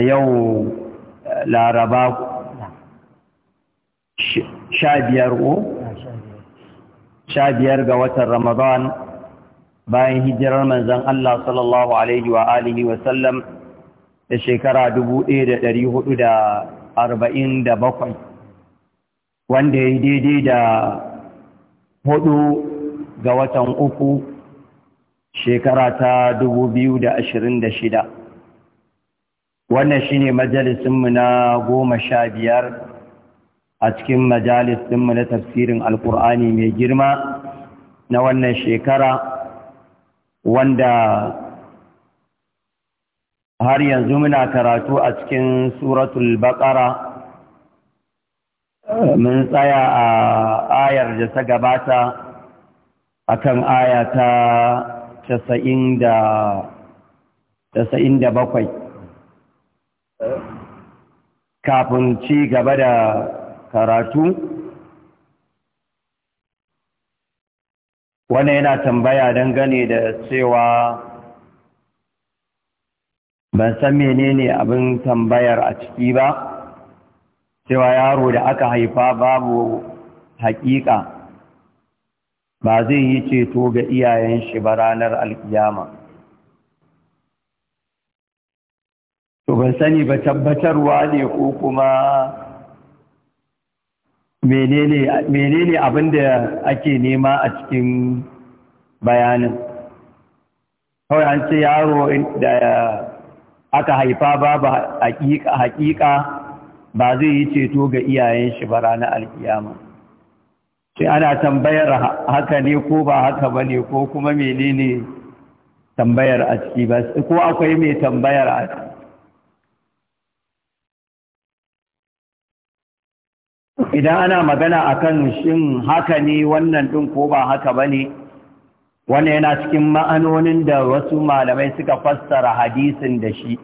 yau laraba sha biyar ga watan ramadan bayan hijirar manzan Allah sallallahu alaihi wa alihi wa sallam da shekara bakwai, wanda ya yi daidai da hudu ga watan uku shekara ta da shida. wannan shi shine majalisinmu na goma sha biyar a cikin majalisinmu na tafsirin alkur'ani mai girma na wannan shekara wanda har yanzu muna karatu a cikin suratul baqara mun tsaya a ayar da ta gabata akan aya ta 97 kafin ci gaba da karatu wannan yana tambaya dangane da cewa ban san menene abin tambayar a ciki ba cewa yaro da aka haifa babu haƙiƙa ba zai yi ceto ga iyayen shi ba ranar alkiyama to ban sani ba tabbatarwa ne ko kuma menene abin da ake nema a cikin bayanin kawai an ce yaro da aka haifa babu hakika ba zai yi ceto ga iyayen shi ba rana alkiyama sai ana tambayar haka ne ko ba haka ba ne ko kuma menene tambayar a ciki ba ko akwai mai tambayar a ciki idan ana magana a kan shin haka ne wannan ɗin ko ba haka ba ne wannan yana cikin ma'anonin da wasu malamai suka fassara hadisin da shi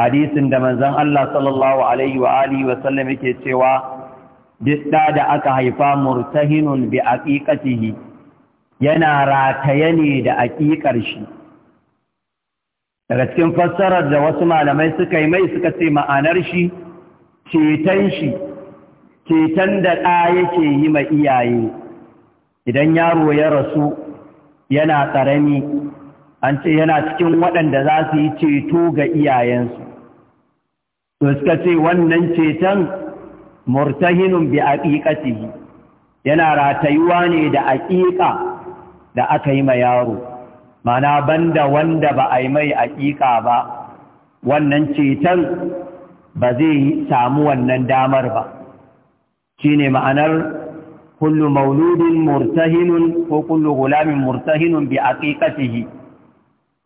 hadisin da manzan Allah sallallahu alaihi wa alihi wa sallam yake cewa duk da aka haifa murtahinun bi aqiqatihi yana rataye ne da aqiqar shi daga cikin fassarar da wasu malamai suka yi mai suka ce ma'anar shi ceton shi ceton da ɗa yake yi ma iyaye idan yaro ya rasu yana ƙarami an ce yana cikin waɗanda za su yi ceto ga iyayensu to suka ce wannan ceton murtahinun bi aƙiƙatihi yana ratayuwa ne da aƙiƙa da aka yi ma yaro mana banda wanda ba a yi mai aƙiƙa ba wannan ceton ba zai samu wannan damar ba Shi ne ma'anar kullu mauludin murtahinun ko kullu gulamin murtahinun bi ƙiƙasihi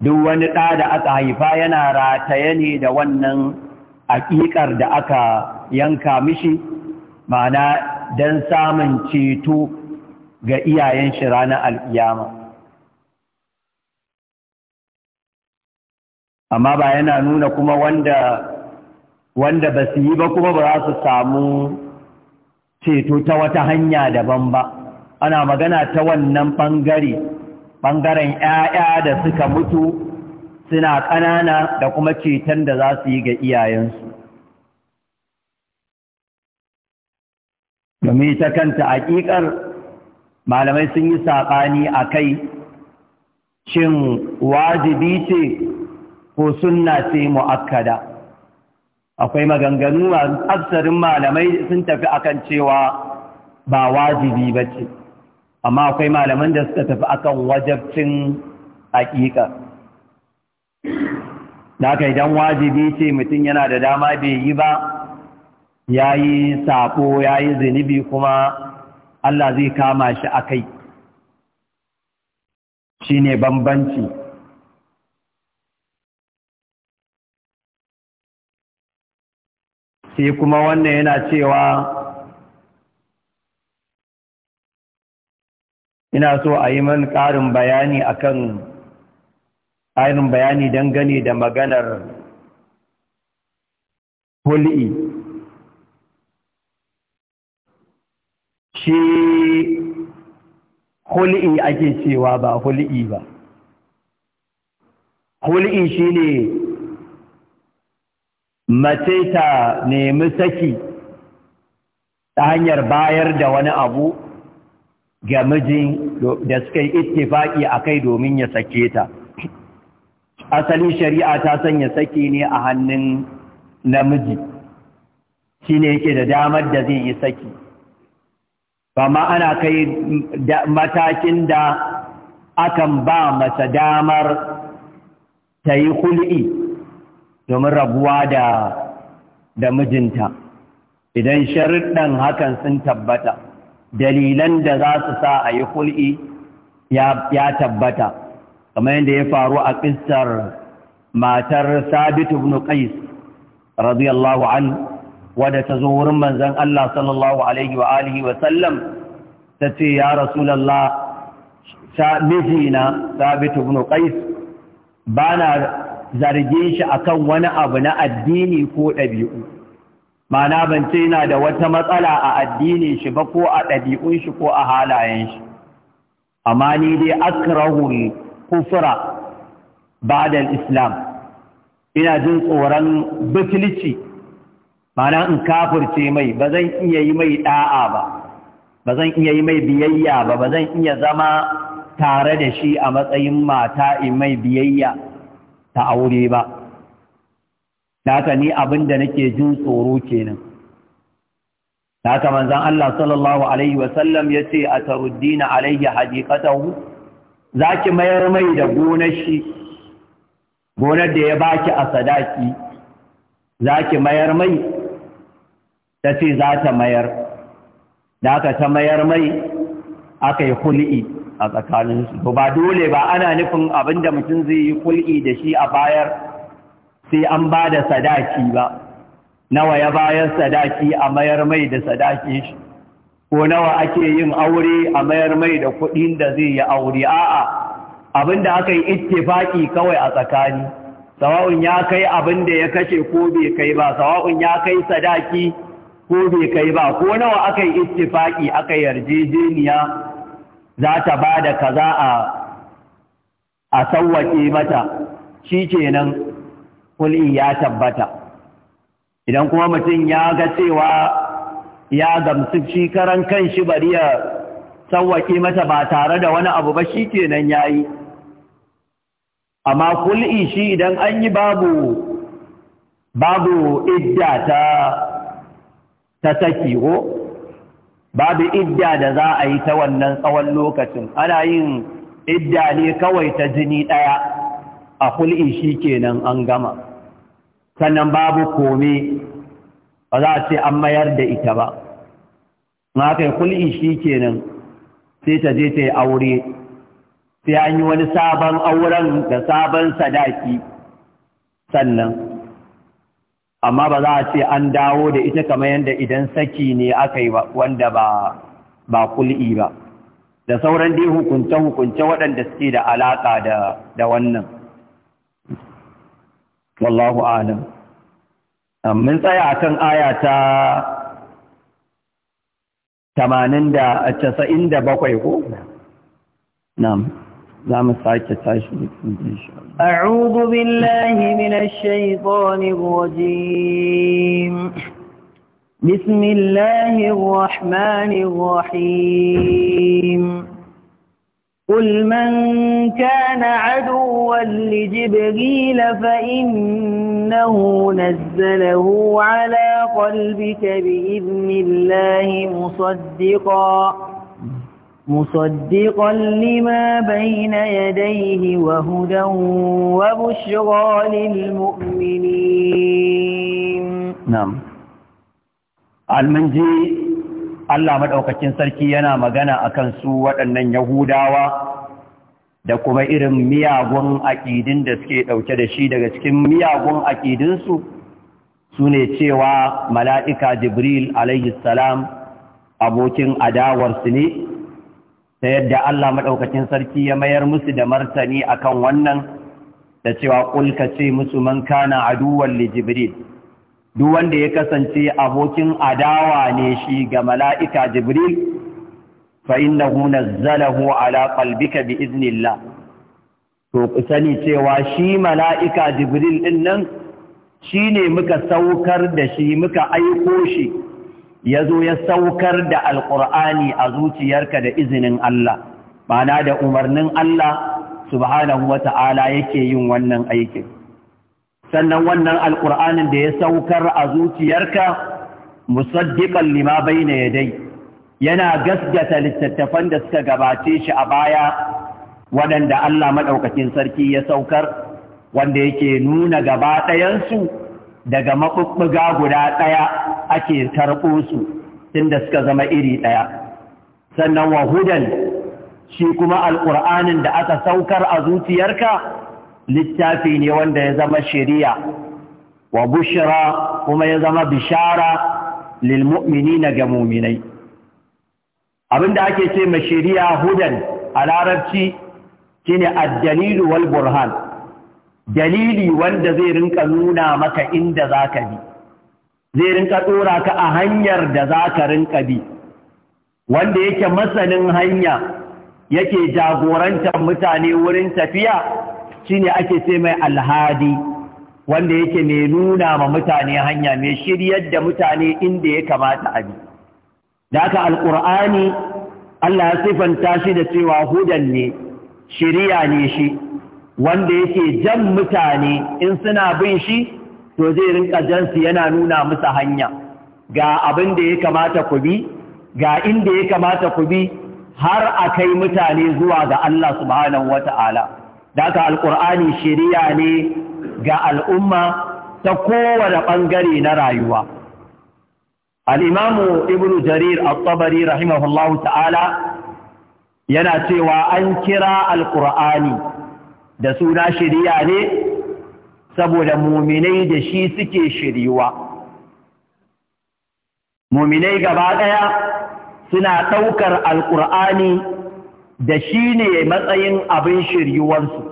duk wani ɗa da aka haifa yana rataye ne da wannan aƙiƙar da aka yanka mishi ma'ana don samun ceto ga iyayen shi ranar al'iyama amma ba yana nuna kuma wanda wanda ba su yi ba kuma ba za su samu ceto ta wata hanya daban ba ana magana ta wannan ɓangare ɓangaren ‘ya'ya da suka mutu suna ƙanana da kuma ceton da za su yi ga iyayensu domin ta kanta aƙiƙar malamai sun yi saɓani a kai shin wajibi ce ko sunna ce mu'akkada akwai maganganu a tsarin malamai sun tafi kan cewa ba wajibi ba ce amma akwai malaman da suka tafi akan wajabcin haƙiƙa da aka idan wajibi ce mutum yana da dama bai yi ba ya yi sako ya yi zunubi kuma Allah zai kama shi a kai shi ne bambanci sai kuma wannan yana cewa ina so a yi man ƙarin bayani akan ƙarin bayani dangane da maganar hul'i shi hul'i ake cewa ba hul'i ba hul'i shi ne mace ta nemi saki ta hanyar bayar da wani abu ga mijin da suka yi ittifaki a kai domin ya sake ta asali shari'a ta sanya saki ne a hannun namiji shi ne yake da damar da zai yi saki Bama ana kai matakin da akan ba masa damar ta yi hul'i domin rabuwa da da mijinta idan sharuɗan hakan sun tabbata dalilan da za su sa a yi hul'i ya tabbata kamar yadda ya faru a ƙistar matar Sabitu ibn qais radiyallahu an wadda ta zo wurin manzon Allah sallallahu alaihi wa alihi wa sallam ta ce ya rasulullah mijina sabit ibn qais bana zarge shi akan wani abu na addini ko ɗabi'u mana ban ce yana da wata matsala a addini shi ba ko a ɗabi'un shi ko a halayen shi amma ni dai akrahu kufra ba'da islam ina jin tsoron butulci mana in kafirce mai ba zan iya yi mai da'a ba ba zan iya yi mai biyayya ba ba zan iya zama tare da shi a matsayin mata in mai biyayya ta aure ba ta ni abin da nake jin tsoro kenan haka manzan Allah sallallahu alaihi wasallam yace ataruddina alayya za ki mayar mai da gonar shi gonar da ya baki a sadaki za ki mayar mai ta ce za ta mayar da ka ta mayar mai aka yi hul'i a tsakaninsu to ba dole ba ana nufin abinda mutum zai yi kulki da shi a bayar sai an ba da sadaki ba nawa ya bayar sadaki a mayar mai da sadaki shi ko nawa ake yin aure a mayar mai da kuɗin da zai yi aure a'a abinda aka yi ittifaki kawai a tsakani sawa'un ya kai abinda ya kashe ko bai kai ba sawa'un ya kai sadaki ko bai kai ba ko nawa aka yi ittifaki aka yarjejeniya za ta ba da kaza a sauwaƙe mata shi nan kul'i ya tabbata idan kuma mutum ya ga cewa ya gamsu shi karan kan shi bari ya sauwaƙe mata ba tare da wani abu ba shi nan ya yi amma kul'i shi idan an yi babu babu idda ta ta saki ko babu idda da za a yi ta wannan tsawon lokacin ana yin idda ne kawai ta jini ɗaya a hul'i shi kenan an gama sannan babu kome ba za a ce an mayar da ita ba na kai hul'i shi kenan sai ta je ta yi aure sai an yi wani sabon auren da sabon sadaki sannan amma ba za a ce an dawo da ita kamar yadda idan saki ne aka yi wanda ba kul'i ba da sauran dai hukunce-hukunce waɗanda suke da alaƙa da wannan wallahu alam mun tsaya a kan aya ta 87 ko na'am نعم ساعتك تعيش إن شاء الله أعوذ بالله من الشيطان الرجيم بسم الله الرحمن الرحيم قل من كان عدوا لجبريل فإنه نزله على قلبك بإذن الله مصدقاً مصدقا لما بين يديه وهدى وبشرى للمؤمنين نعم المنجي Allah maɗaukacin sarki yana magana a kan su waɗannan Yahudawa da kuma irin miyagun aƙidin da suke ɗauke da shi daga cikin miyagun aƙidinsu su ne cewa mala'ika Jibril Salam abokin adawarsu ne ta yadda Allah maɗaukacin sarki ya mayar musu da martani a kan wannan da cewa ƙulka ce musu man kana a li jibril duk wanda ya kasance abokin adawa ne shi ga mala'ika jibril fa innahu hu ala qalbika bi iznillah to sani cewa shi mala'ika jibril din nan shi ne muka saukar da shi muka aiko shi ya zo ya saukar da alƙur'ani a zuciyarka da izinin Allah mana da umarnin Allah subhanahu wa ta'ala yake yin wannan aikin sannan wannan alƙur'anin da ya saukar a zuciyarka musaddiƙan lima bai na yadai yana gasgata littattafan da suka gabace shi a baya waɗanda Allah maɗaukakin sarki ya saukar wanda yake nuna gaba ɗayansu daga maɓuɓɓuga guda ɗaya ake karɓo su tunda suka zama iri ɗaya sannan wahudan shi kuma alƙur'anin da aka saukar a zuciyarka littafi ne wanda ya zama shari'a wa bushira kuma ya zama bishara lil na ga mu'minai abinda ake ce ma shari'a hudan a larabci shine ad wal burhan dalili wanda zai rinka nuna maka inda za ka bi zai rinka tsora ka a hanyar da za ka rinka bi wanda yake masanin hanya yake jagorantar mutane wurin tafiya shi ne ake ce mai alhadi wanda yake mai nuna ma mutane hanya mai shiryar da mutane inda ya kamata a bi da haka alƙur'ani Allah ya sifanta shi da cewa hudan ne shirya ne shi wanda yake jan mutane in suna bin shi to zai rinka jansu yana nuna musu hanya ga abin da ya kamata ku bi ga inda ya kamata ku bi har a kai mutane zuwa ga Allah subhanahu wata'ala da aka alƙur'ani shirya ne ga al'umma ta kowane ɓangare na rayuwa al'imamu ibnu jarir al-tabari rahimahullahu ta'ala yana cewa an kira Al-ƙur'ani. da suna shirya ne saboda muminai da shi suke shiriwa muminai gaba ɗaya suna ɗaukar alƙur'ani da shi ne matsayin abin shiriwansu,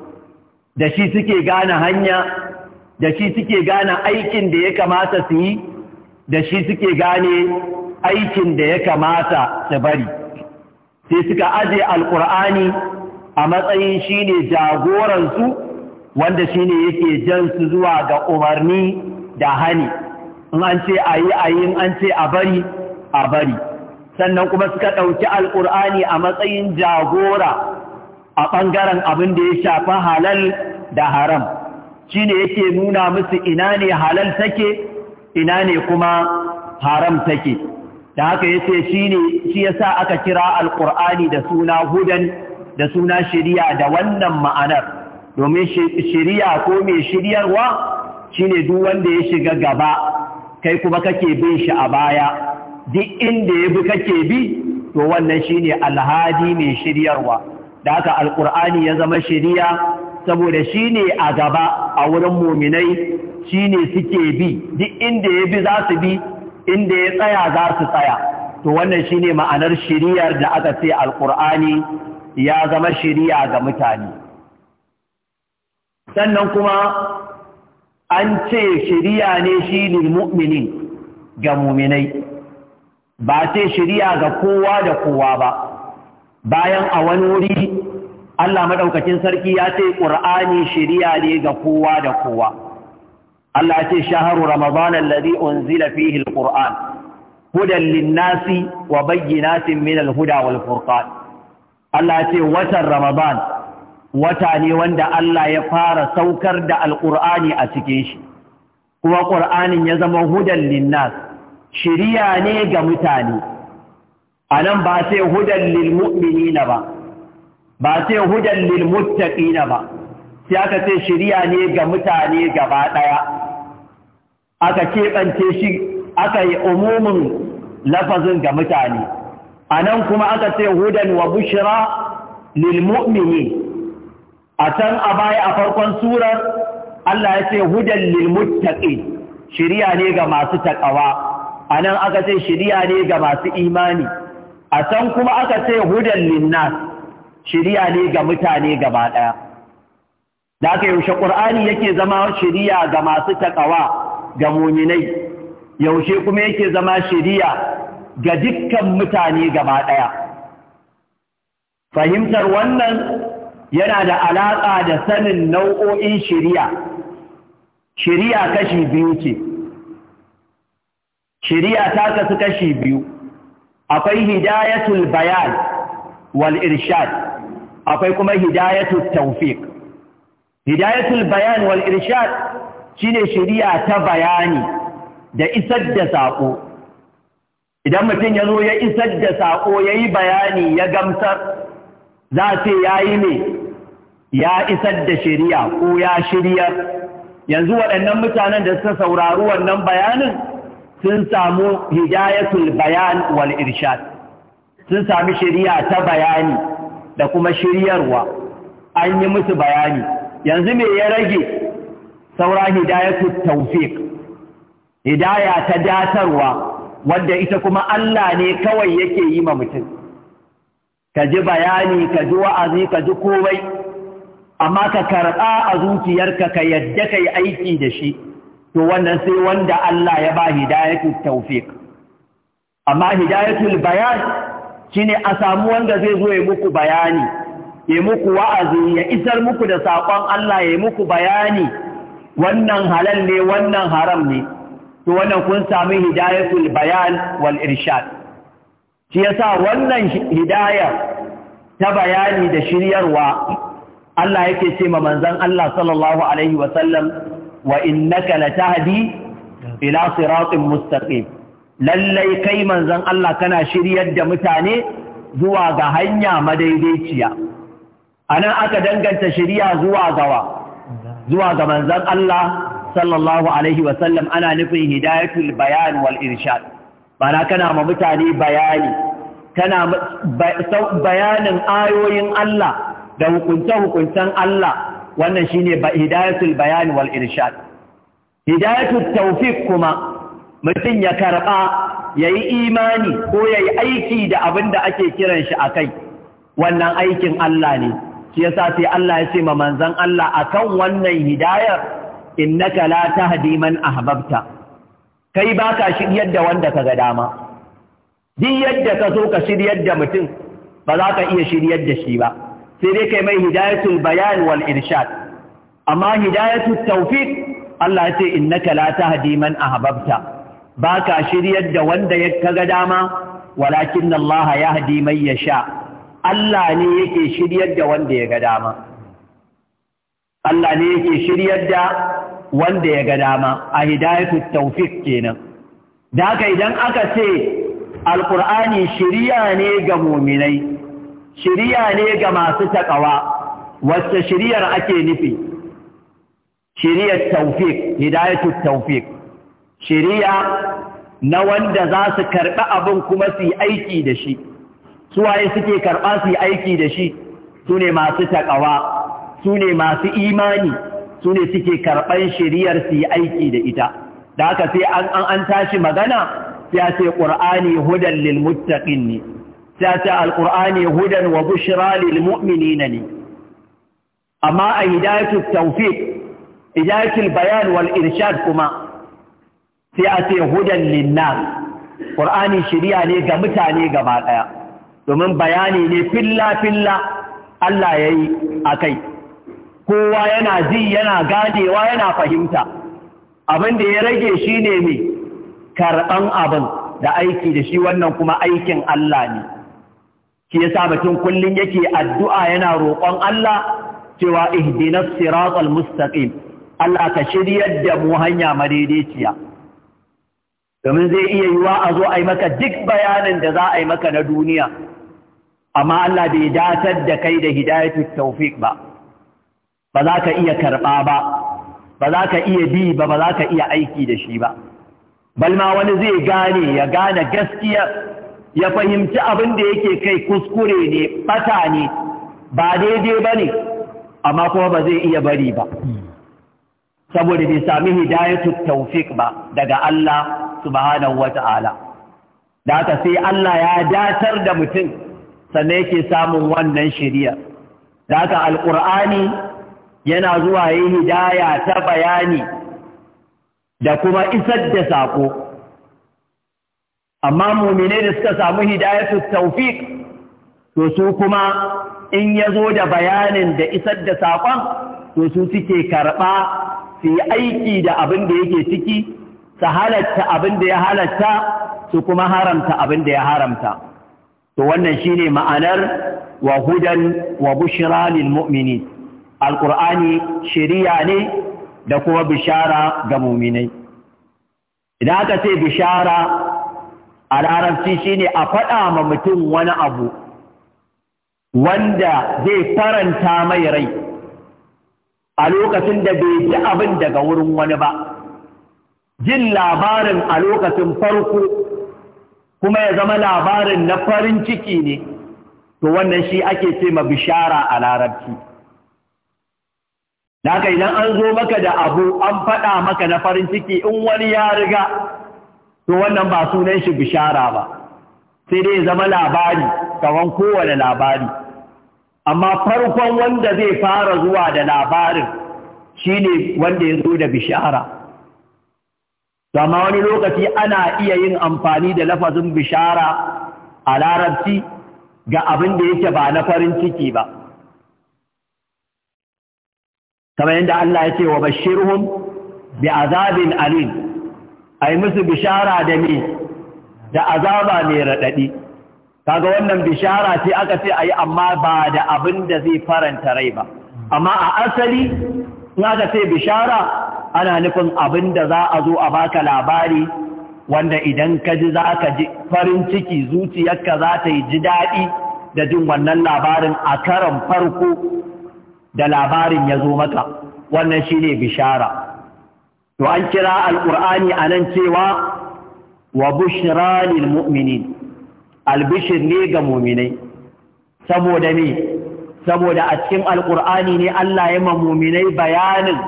da shi suke gane hanya da shi suke gane aikin da ya kamata su yi da shi suke gane aikin da ya kamata su bari sai suka aje alƙur'ani a matsayin shi ne jagoransu wanda shi ne yake jansu zuwa ga umarni da hani in an ce a yi a yi an ce a bari a bari sannan kuma suka ɗauki al’ur'ani a matsayin jagora a ɓangaren abin da ya shafa halal da haram shi ne yake nuna musu ina ne halal take ina ne kuma haram take da haka yace shi ne shi yasa aka kira al’ur'ani da suna hudan da suna shiriya da wannan ma'anar domin shiriya ko mai shiryarwa shine duk wanda ya shiga gaba kai kuma kake bin shi a baya duk inda ya bi kake bi to wannan shine alhadi mai shiryarwa da haka alkur'ani ya zama shiriya saboda shine a gaba a wurin muminai shine suke bi duk inda ya bi za su bi inda ya tsaya za su tsaya to wannan shine ma'anar shiriyar da aka ce alkur'ani ya zama shiriya ga mutane sannan kuma an ce shiriya ne shi lilmu'minin ga muminai ba ce shiriya ga kowa da kowa ba bayan a wani wuri Allah maɗaukacin sarki ya ce ƙur'ani shiriya ne ga kowa da kowa Allah ce shaharu ramadan alladhi unzila fihi alquran hudan lin-nasi wa bayyinatin min al-huda wal-furqan Allah ce watan Ramadan wata ne wanda Allah ya fara saukar da Alƙur'ani a cikin shi kuma Ƙur'anin ya zama hudan linnas shirya ne ga mutane a nan ba sai hudan lilmu'minina ba ba sai hudan lilmuttaqina ba sai aka ce shirya ne ga mutane gaba ɗaya aka keɓance shi aka yi umumin lafazin ga mutane Anan kuma aka ce hudan wa bushira lilmu'mini a can a baya a farkon surar Allah ya ce hudan lilmuttaqi shiriya ne ga masu takawa a aka ce shiriya ne ga masu imani a can kuma aka ce hudan linnas shiriya ne ga mutane gaba ɗaya da aka yaushe ƙur'ani yake zama shiriya ga masu takawa ga muminai yaushe kuma yake zama shiriya ga dukkan mutane gaba ɗaya fahimtar wannan yana da alaƙa da sanin nau'o'in shiriya shiriya kashi biyu ce shiriya ta kasu kashi biyu akwai hidayatul bayan wal irshad akwai kuma hidayatul taufik. hidayatul bayan wal irshad shine shiriya ta bayani da isar da saƙo idan mutum ya zo ya isar da saƙo ya yi bayani ya gamsar za ce ya yi ne ya isar da shari'a ko ya shirya? yanzu waɗannan mutanen da suka saurari wannan bayanin sun samu hidayatul bayan wal irshad sun sami shari'a ta bayani da kuma shiryarwa an yi musu bayani yanzu me ya rage saura hidayatul tawfiq hidaya ta datarwa Wanda ita kuma Allah ne kawai yake yi ma mutum kaji bayani kaji wa'azi kaji ji komai amma ka karɓa a zuciyarka ka yadda ka yi aiki da shi to wannan sai wanda Allah ya ba hidayatul tawfiq amma hidayatul bayan shine a samu wanda zai zo ya muku bayani ya muku wa'azi ya isar muku da saƙon Allah ya muku bayani wannan halal ne wannan haram ne to wannan kun sami hidayatul bayan wal irshad shi yasa wannan hidaya ta bayani da shiryarwa Allah yake ce ma manzon Allah sallallahu alaihi wa sallam wa innaka latahdi ila siratin mustaqim lallai kai manzon Allah kana shiryar da mutane zuwa ga hanya madaidaiciya anan aka danganta shiriya zuwa gawa zuwa ga manzon Allah sallallahu alaihi wasallam ana nufin hidayatul bayan wal irshad bana kana ma mutane bayani kana bayanin ayoyin Allah da hukunce-hukuncen Allah wannan shine hidayatul bayan wal irshad hidayatul tawfiq kuma mutum ya karba yayi imani ko yayi aiki da abin da ake kiran shi akai wannan aikin Allah ne shi yasa sai Allah ya ce ma manzon Allah akan wannan hidayar innaka la tahdi man ahbabta kai baka shiryar da wanda ga dama duk yadda ka so ka shiryar da mutum ba za ka iya shiryar da shi ba sai dai kai mai hidayatul bayan wal irshad amma hidayatul tawfiq Allah ya ce innaka la tahdi man ahbabta baka shiryar da wanda ya ga dama walakin Allah yahdi man yasha Allah ne yake shiryar da wanda ya ga dama Allah ne yake shiryar da wanda ya ga dama a hidayatu tawfiq kenan da haka idan aka ce alqur'ani shiriya ne ga mu'minai shiriya ne ga masu taƙawa? wacce shiriyar ake nufi shiriyar tawfiq hidayatu tawfiq shiriya na wanda za su karɓi abin kuma su yi aiki da shi suwaye suke karɓa su yi aiki da shi su ne masu taƙawa su ne masu imani su ne suke karɓar shiriyar su yi aiki da ita da haka sai an an tashi magana sai a ce qur'ani hudan lil ne sai a ce alqur'ani hudan wa bushira lil na ne amma a hidayatu tawfiq hidayatul bayan wal irshad kuma sai a ce hudan linna. Ƙur'ani shirya shiriya ne ga mutane gaba ɗaya. domin bayani ne filla filla Allah yayi kai. kowa yana ji yana ganewa yana fahimta abin da ya rage shi ne mai karɓan abin da aiki da shi wannan kuma aikin Allah ne Ke yasa mutum kullum yake addu'a yana roƙon Allah cewa ihdinas siratal mustaqim Allah ka shiryar da mu hanya madaidaiciya domin zai iya yiwa a zo a yi maka duk bayanin da za a yi maka na duniya amma Allah bai datar da kai da hidayatul tawfiq ba ba za ka iya karɓa ba ba za ka iya bi ba ba za ka iya aiki da shi ba balma wani zai gane ya gane gaskiya ya fahimci abin da yake kai kuskure ne bata ne ba daidai ba ne amma kuma ba zai iya bari ba saboda bai sami hidayatu taufik ba daga Allah subhanahu Ta'ala. da aka sai Allah ya datar da mutum sannan yake samun wannan shari'a da haka alƙur'ani yana zuwa yi hidaya ta bayani da kuma isar da saƙo amma muminai da suka samu su taufik to su kuma in ya zo da bayanin da isar da saƙon to su suke karɓa su yi aiki da abin da yake ciki su halatta abin da ya halatta su kuma haramta abin da ya haramta to wannan shine ma'anar wa hudan wa bushra lil mu'minin alkur'ani shari'a ne da kuma bishara ga muminai idan aka ce bishara a larabci shine a faɗa ma mutum wani abu wanda zai faranta mai rai a lokacin da bai ji abin daga wurin wani ba jin labarin a lokacin farko kuma ya zama labarin na farin ciki ne to wannan shi ake ce ma bishara a larabci Na idan an zo maka da abu an faɗa maka na farin ciki in wani ya riga to wannan ba sunan shi bishara ba sai dai zama labari kawan kowane labari amma farkon wanda zai fara zuwa da labarin shi ne wanda ya zo da bishara zama wani lokaci ana iya yin amfani da lafazin bishara a larabci ga abin da yake ba na farin ciki ba kamar yadda Allah ya ce wa bashirhum bi azabin alim ai musu bishara da me da azaba mai radadi kaga wannan bishara ce aka ce ayi amma ba da abin da zai faranta rai ba amma a asali in aka ce bishara ana nufin abin da za a zo a baka labari wanda idan ka ji za ka ji farin ciki zuciyarka za ta yi ji daɗi da jin wannan labarin a karon farko da labarin ya zo maka wannan shine bishara to an kira a nan cewa wa bushra lil mu'minin albishir ne ga mu'minai saboda ne, saboda a cikin alqur'ani ne Allah ya ma mu'minai bayanin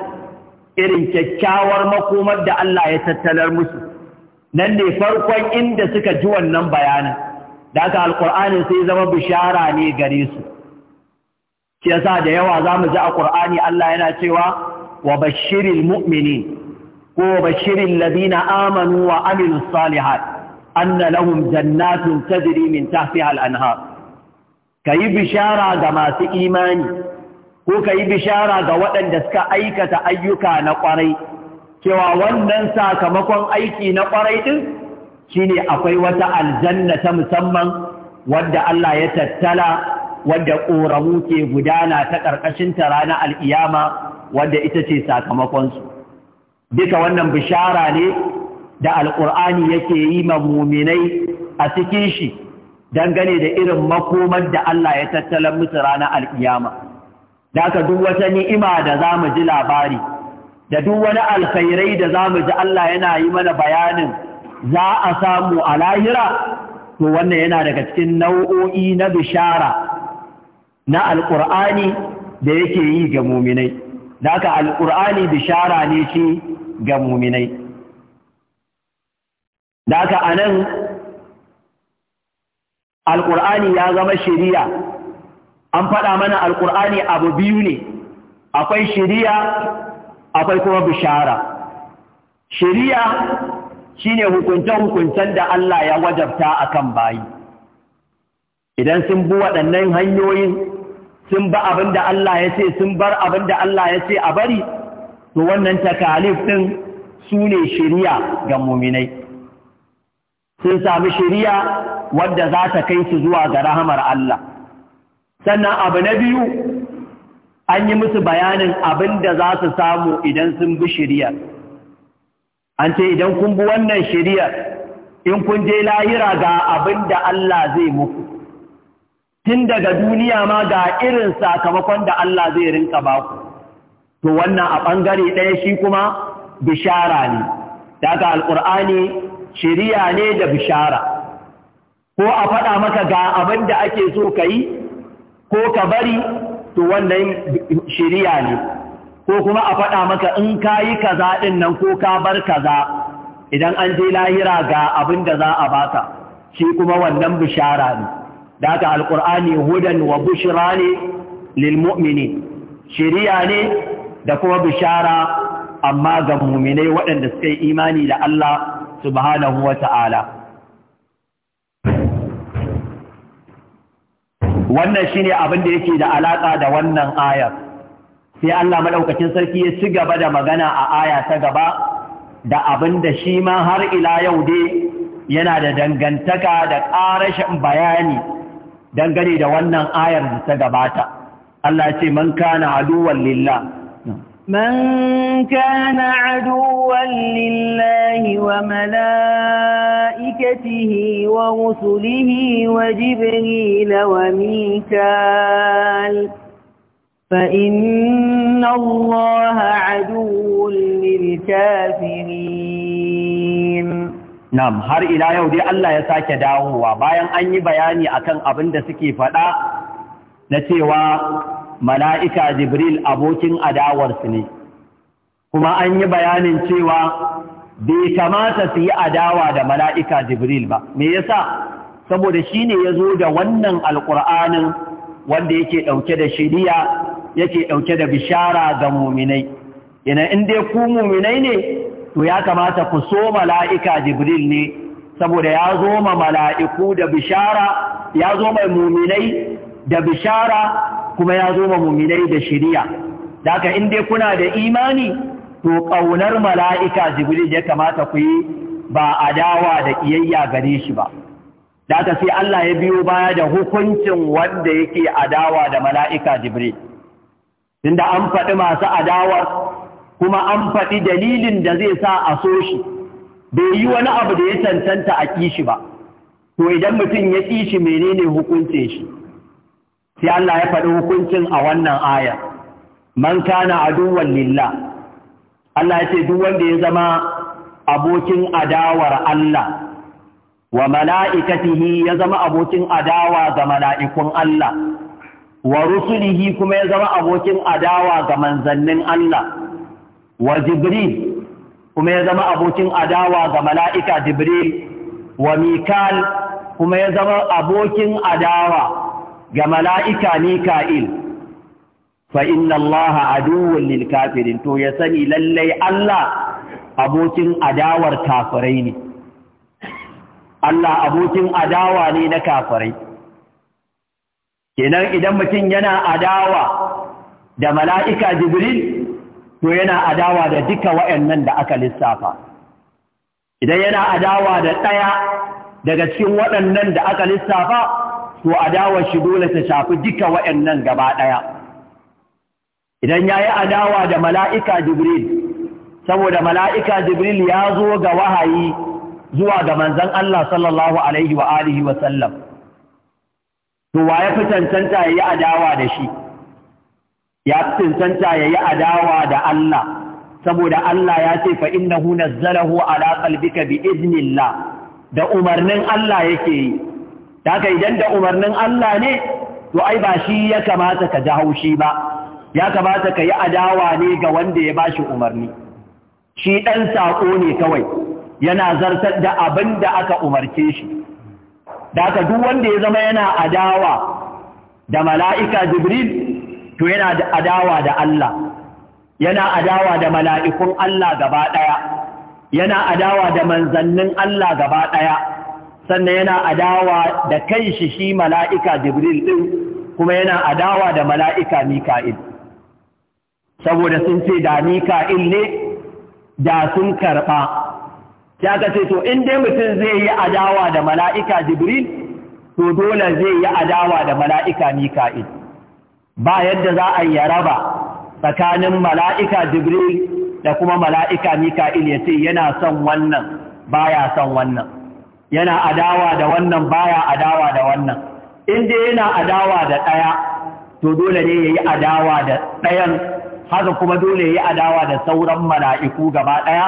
irin kyakkyawar makomar da Allah ya tattalar musu nan ne farkon inda suka ji wannan bayanin da aka alqur'ani sai zama bishara ne gare su shi yasa da yawa zamu ji a Kur'ani Allah yana cewa wa bashirin mu'minin ko wa bashiril ladina amanu wa Aminu salihat anna jannatin, jannatun tajri min tahtiha al-anhar kayi bishara ga masu imani ko kayi bishara ga waɗanda suka aikata ayyuka na ƙwarai cewa wannan sakamakon aiki na ƙwarai ɗin shine akwai wata aljanna ta musamman wadda Allah ya tattala wadda ƙoramu ke gudana ta ƙarƙashin ta ranar al'iyama wadda ita ce sakamakonsu. Duka wannan bishara ne da Alƙur'ani yake yi muminai a cikin shi dangane da irin makomar da Allah ya tattalar musu ranar al'iyama. Da ka duk wata ni'ima da za mu ji labari, da duk wani alkhairai da za mu ji Allah yana yi mana bayanin za a samu a lahira, to wannan yana daga cikin nau'o'i na bishara na alƙur'ani da yake yi ga muminai da aka alƙur'ani bishara ne shi ga muminai da aka a nan alƙur'ani ya zama shiriya an faɗa mana alƙur'ani abu biyu ne akwai shiriya akwai kuma bishara shiriya shine hukunce-hukuncen da Allah ya wajabta akan bayi idan sun bi waɗannan hanyoyin sun ba abin da Allah ya ce sun bar abin da Allah ya ce a bari to wannan takalif ɗin su ne shirya ga muminai sun sami shirya wadda za ta kai su zuwa ga rahamar Allah sannan abu na biyu an yi musu bayanin abin da za su samu idan sun bi shirya an ce idan kun bi wannan shirya in kun je lahira ga abin da Allah zai muku tun daga duniya ma ga irin sakamakon da Allah zai rinka baku to wannan a ɓangare ɗaya shi kuma bishara ne daga alƙur'ani shiriya ne da bishara ko a faɗa maka ga abin da ake so ka yi ko ka bari to wannan shiriya ne ko kuma a faɗa maka in ka yi kaza zaɗin nan ko ka bar kaza idan an je lahira ga abin da za a baka shi kuma wannan bishara ne da aka alkur'ani hudan wa bushira ne lilmu'mini shiriya ne da kuma bishara amma ga muminai waɗanda suka yi imani da Allah subhanahu wa ta'ala wannan shine abin da yake da alaƙa da wannan ayar sai Allah maɗaukacin sarki ya ci gaba da magana a aya ta gaba da abin da shi ma har ila yau dai yana da dangantaka da ƙarashin bayani dangane da wannan ayar da ta gabata Allah ce man kana aduwan lillah man kana aduwan lillahi wa malaikatihi wa rusulihi wa jibril wa mikal فإن الله عدو للكافرين Nam har ila yau dai Allah ya sake dawowa bayan an yi bayani akan abin da suke faɗa na cewa mala'ika Jibril abokin adawarsu ne, kuma an yi bayanin cewa bai kamata su yi adawa da mala'ika Jibril ba. Me yasa? Saboda shi ne ya zo da wannan alƙur'anin wanda yake ɗauke da shiriya yake ɗauke da bishara ga muminai. Ina in dai ku muminai ne to ya kamata ku so mala'ika jibril ne saboda ya zo ma mala'iku da bishara ya zo mai muminai da bishara kuma ya zo ma muminai da shiriya daga inda kuna da imani to ƙaunar mala'ika jibril ya kamata ku yi ba a dawa da ƙiyayya gare shi ba daga sai Allah ya biyo baya da hukuncin wanda yake adawa da mala'ika jibril inda an faɗi masu adawar kuma an faɗi dalilin da zai sa a so shi bai yi wani abu da ya cancanta a ƙishi ba to idan mutum ya ƙishi menene hukunce shi sai Allah ya faɗi hukuncin a wannan aya man kana aduwwan lilla, Allah ya ce duk wanda ya zama abokin adawar Allah wa mala'ikatihi ya zama abokin adawa ga mala'ikun Allah wa rusulihi kuma ya zama abokin adawa ga manzannin Allah wa jibril kuma ya zama abokin adawa ga mala'ika jibril wa mikal kuma ya zama abokin adawa ga mala'ika mika'il fa inna allaha aduwwun lil kafirin to ya sani lallai Allah abokin adawar kafirai ne Allah abokin adawa ne na kafirai kenan idan mutum yana adawa da mala'ika jibril to yana adawa da duka wayannan da aka lissafa idan yana adawa da ɗaya daga cikin waɗannan da aka lissafa to adawa shi dole ta shafi duka wayannan gaba ɗaya idan ya yi adawa da mala'ika jibril saboda mala'ika jibril ya zo ga wahayi zuwa ga manzan Allah sallallahu Alaihi to wa ya fi cancanta ya yi adawa da shi ya cancanta ya yi adawa da Allah saboda Allah ya ce fa innahu zarahu ala qalbika bi idnillah da umarnin Allah yake yi ka idan da umarnin Allah ne to ai ba shi ya kamata ka ji haushi ba ya kamata ka yi adawa ne ga wanda ya bashi umarni shi ɗan saƙo ne kawai yana zartar da abin da aka umarce shi da haka duk wanda ya zama yana adawa da mala'ika jibril to yana da adawa da Allah yana adawa da mala'ikun Allah gaba ɗaya yana adawa da manzannin Allah gaba ɗaya sannan yana adawa da kai shi shi mala'ika Jibril ɗin kuma yana adawa da mala'ika Mika'il saboda sun ce da Mika'il ne da sun karɓa ya ka ce to in dai mutum zai yi adawa da mala'ika Jibril to dole zai yi adawa da mala'ika Mika'il ba yadda za a yi raba tsakanin mala'ika jibril da kuma mala'ika mika'il ya ce yana son wannan baya son wannan yana adawa da wannan baya adawa da wannan inda yana adawa da ɗaya to dole ne ya yi adawa da ɗayan haka kuma dole ya yi adawa da sauran mala'iku gaba ɗaya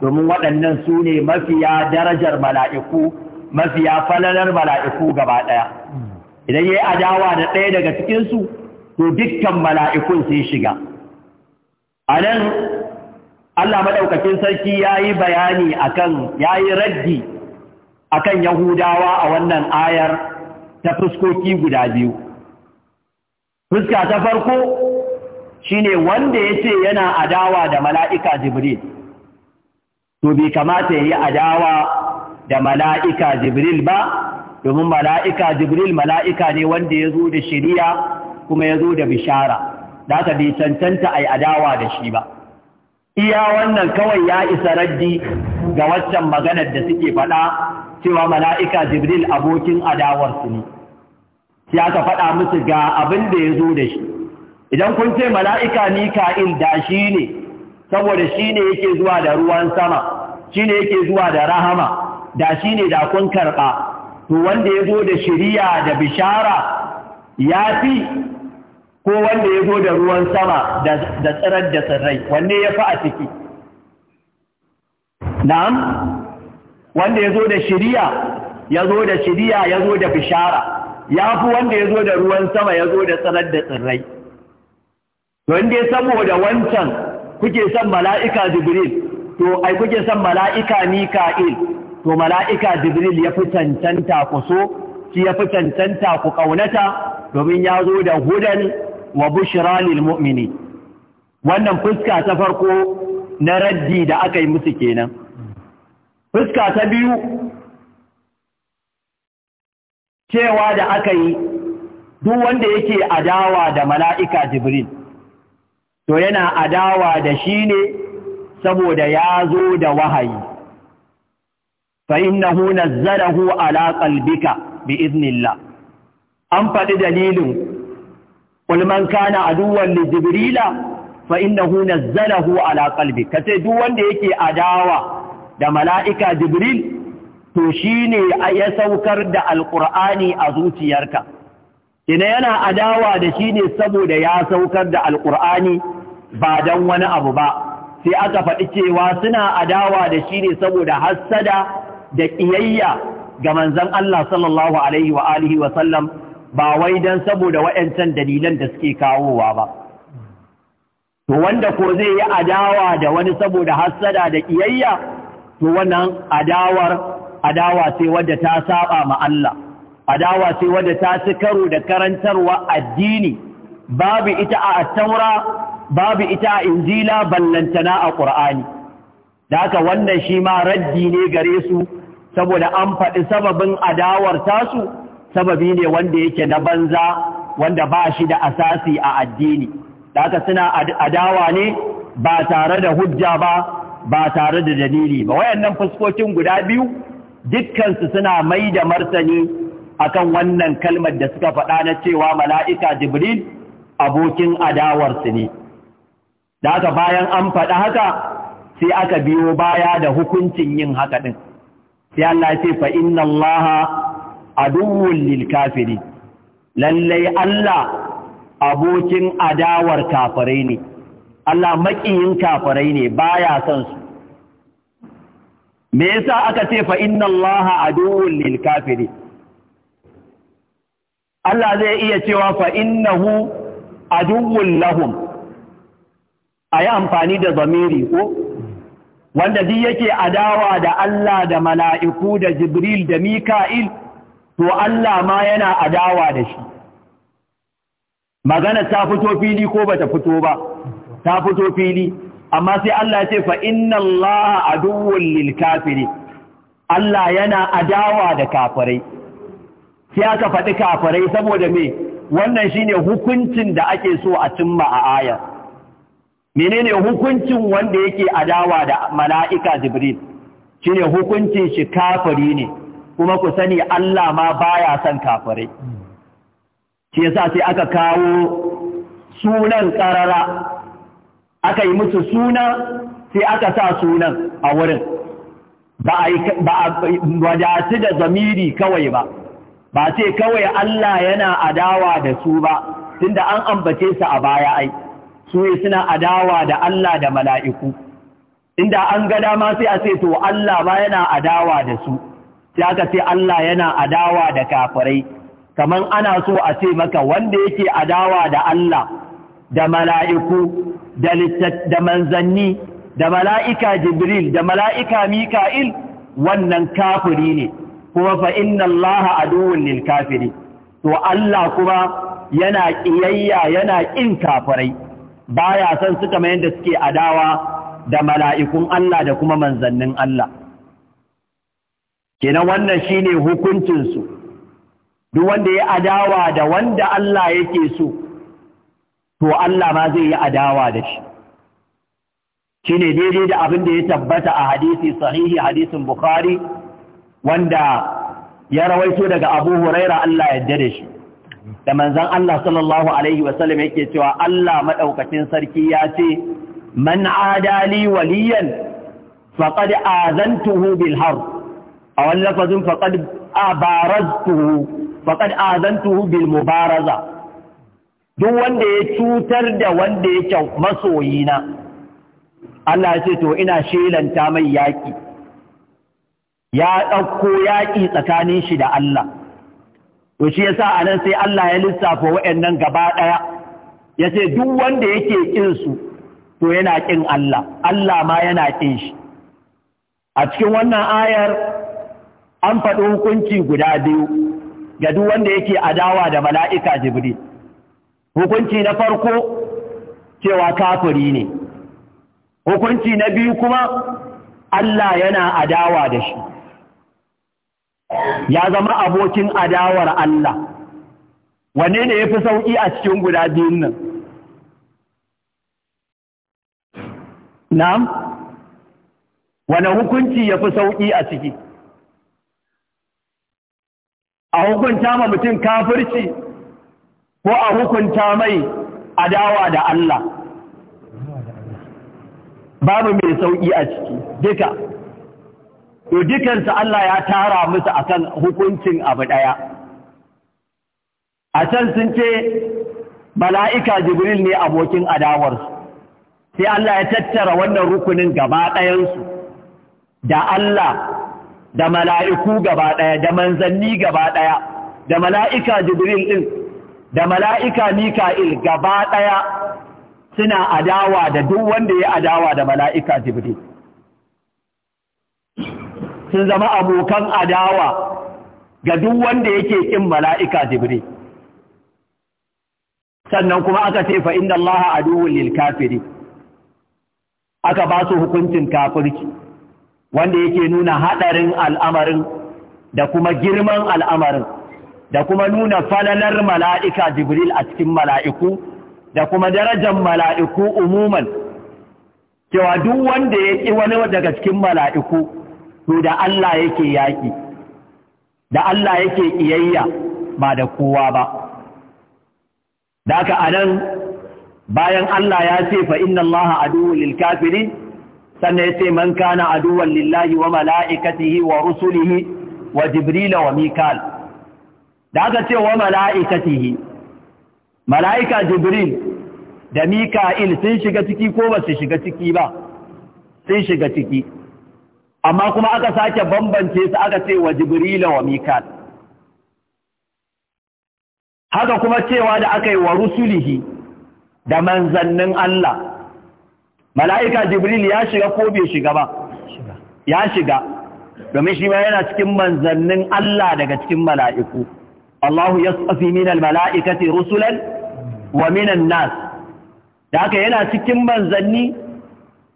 domin waɗannan su ne mafiya darajar mala'iku mafiya falalar mala'iku gaba ɗaya idan ya yi adawa da ɗaya daga cikinsu to dukkan mala'ikun sun shiga a nan Allah maɗaukakin sarki ya yi bayani akan ya yi raddi akan yahudawa a wannan ayar ta fuskoki guda biyu fuska ta farko shine wanda ya ce yana adawa da mala'ika jibril to bai kamata ya yi adawa da mala'ika jibril ba domin mala'ika jibril mala'ika ne wanda ya zo da shiriya kuma ya zo da bishara da aka bai cancanta a yi adawa da shi ba iya wannan kawai ya isa raddi ga waccan maganar da suke faɗa cewa mala'ika jibril abokin adawarsu ne sai aka faɗa musu ga abin da ya zo da shi idan kun ce mala'ika mika'il da shi ne saboda shi ne yake zuwa da ruwan sama shi ne yake zuwa da rahama da shi ne da kun karɓa to wanda ya zo da shirya da bishara ya fi ko wanda ya zo da ruwan sama da tsirar da tsirrai wanne ya fi a ciki na'am wanda ya zo da shiriya ya zo da shiriya ya zo da bishara ya fi wanda ya zo da ruwan sama ya zo da tsirar da tsirrai wanda ya saboda wancan kuke son mala'ika jibril to ai kuke son mala'ika mika'il to mala'ika jibril ya fi cancanta ku so shi ya fi cancanta ku ƙaunata domin ya zo da hudan wa bushira lil mu'mini wannan fuska ta farko na raddi da aka yi musu kenan fuska ta biyu cewa da aka yi duk wanda yake adawa da mala'ika jibril to yana adawa da shi ne saboda ya zo da wahayi fa innahu nazzarahu ala qalbika bi iznillah an faɗi dalilin qul man kana aduwwan li jibrila fa innahu nazzalahu ala qalbi duk wanda yake adawa da mala'ika jibril to shine ya saukar da alqur'ani a zuciyarka kina yana adawa da shi ne saboda ya saukar da alqur'ani ba dan wani abu ba sai aka faɗi cewa suna adawa da shi ne saboda hassada da ƙiyayya ga manzon Allah sallallahu alaihi wa alihi wa sallam ba wai don saboda waɗancan dalilan da suke kawowa ba. To wanda ko zai yi adawa da wani saboda hassada da ƙiyayya, to wannan adawar adawa sai wadda ta saba ma Allah, adawa sai wadda ta ci karo da karantarwa addini, babu ita a taura, babu ita a injila ballantana a ƙur'ani. Da haka wannan shi ma raddi ne gare su saboda an faɗi sababin adawar tasu. sababi ne wanda yake na banza wanda ba shi da asasi a addini da suna adawa ne ba tare da hujja ba ba tare da dalili ba wayannan fuskokin guda biyu dukkansu suna mai da martani akan wannan kalmar da suka faɗa na cewa mala'ika jibril abokin adawarsu ne da bayan an faɗa haka sai aka biyo baya da hukuncin yin haka ɗin sai Allah ce fa inna Allah aduwwul lil lallai Allah abokin adawar kafirai ne Allah makiyin kafirai ne baya son su me yasa aka ce fa inna Allah aduwwul lil Allah zai iya cewa fa innahu aduwwul lahum ayi amfani da zamiri ko wanda duk yake adawa da Allah da mala'iku da Jibril da Mika'il to Allah ma yana adawa da shi magana ta fito fili ko bata fito ba ta fito fili amma sai Allah ya ce fa inna Allah aduwwul lil kafiri Allah yana adawa da kafirai sai aka faɗi kafirai saboda me wannan shine hukuncin da ake so a cimma a ayar menene hukuncin wanda yake adawa da mala'ika jibril shine hukuncin shi kafiri ne kuma ku sani Allah ma baya son kafirai shi yasa sai aka kawo sunan karara aka yi musu suna sai aka sa sunan a wurin ba a wadatu da zamiri kawai ba ba ce kawai Allah yana adawa da su ba tunda an ambace su a baya ai su suna adawa da Allah da mala'iku inda an ga dama sai a ce to Allah ba yana adawa da su sai aka ce Allah yana adawa da kafirai kaman ana so a ce maka wanda yake adawa da Allah da mala'iku da manzanni da mala'ika jibril da mala'ika mika'il wannan kafiri ne kuma fa inna Allah aduwwun lil kafiri to Allah kuma yana ƙiyayya yana ƙin kafirai baya son su kamar da suke adawa da mala'ikun Allah da kuma manzannin Allah kenan wannan shine hukuncinsu duk wanda ya adawa da wanda Allah yake so to Allah ma zai yi adawa da shi shine daidai da abin da ya tabbata a hadisi sahihi hadisin bukhari wanda ya rawaito daga abu huraira Allah ya da shi da manzan Allah sallallahu alaihi wasallam yake cewa Allah maɗaukacin sarki ya ce man adali waliyan faqad azantuhu bil harb a wani lafazin faƙad abaraztuhu faƙad azantuhu bil mubaraza duk wanda ya cutar da wanda ya kyau masoyina Allah ya ce to ina shelanta mai yaƙi ya ɗauko yaƙi tsakanin shi da Allah to shi yasa a nan sai Allah ya lissafa wa'annan gaba ɗaya ya ce duk wanda yake ƙin su to yana ƙin Allah Allah ma yana ƙin shi a cikin wannan ayar an faɗi hukunci guda biyu ga duk wanda yake adawa da mala'ika jibri hukunci na farko cewa kafuri ne hukunci na biyu kuma Allah yana adawa da shi ya zama abokin adawar Allah wanne ne ya fi sauƙi a cikin guda biyun nan na'am wane hukunci ya fi sauƙi a ciki a hukunta ma mutum kafirci ko a hukunta mai adawa da Allah babu mai sauƙi a ciki duka to dukansu Allah ya tara musu akan hukuncin abu ɗaya a can sun ce mala'ika jibril ne abokin adawarsu sai Allah ya tattara wannan rukunin gaba ɗayansu da Allah da mala'iku gaba ɗaya da manzanni gaba ɗaya da mala'ika jibril ɗin da mala'ika mika'il gaba ɗaya suna adawa da duk wanda ya adawa da mala'ika jibril sun zama abokan adawa ga duk wanda yake ƙin mala'ika jibril sannan kuma aka ce fa inda Allah aduwwul lil kafiri aka ba su hukuncin kafirci wanda yake nuna haɗarin al'amarin da kuma girman al'amarin da kuma nuna falalar mala'ika jibril a cikin mala'iku da kuma darajar mala'iku umuman cewa duk wanda ya ƙi wani daga cikin mala'iku to da Allah yake yaƙi da Allah yake iyayya, ba da kowa ba da aka anan bayan Allah ya ce fa inna Allah aduwwul lil kafirin sannan ya yace man kana aduwan lillahi wa mala'ikatihi wa rusulihi wa Jibrila wa mikal da aka ce wa mala'ikatihi mala'ika jibril da mika'il sun shiga ciki ko ba su shiga ciki ba sun shiga ciki amma kuma aka sake bambance su aka ce wa jibrila wa mikal haka kuma cewa da aka yi wa rusulihi da manzannin Allah mala'ika jibril ya shiga ko bai shiga ba ya shiga domin shi ma yana cikin manzannin Allah daga cikin mala'iku Allahu ya tsafi minal mala'ikati rusulan wa minan nas da haka yana cikin manzanni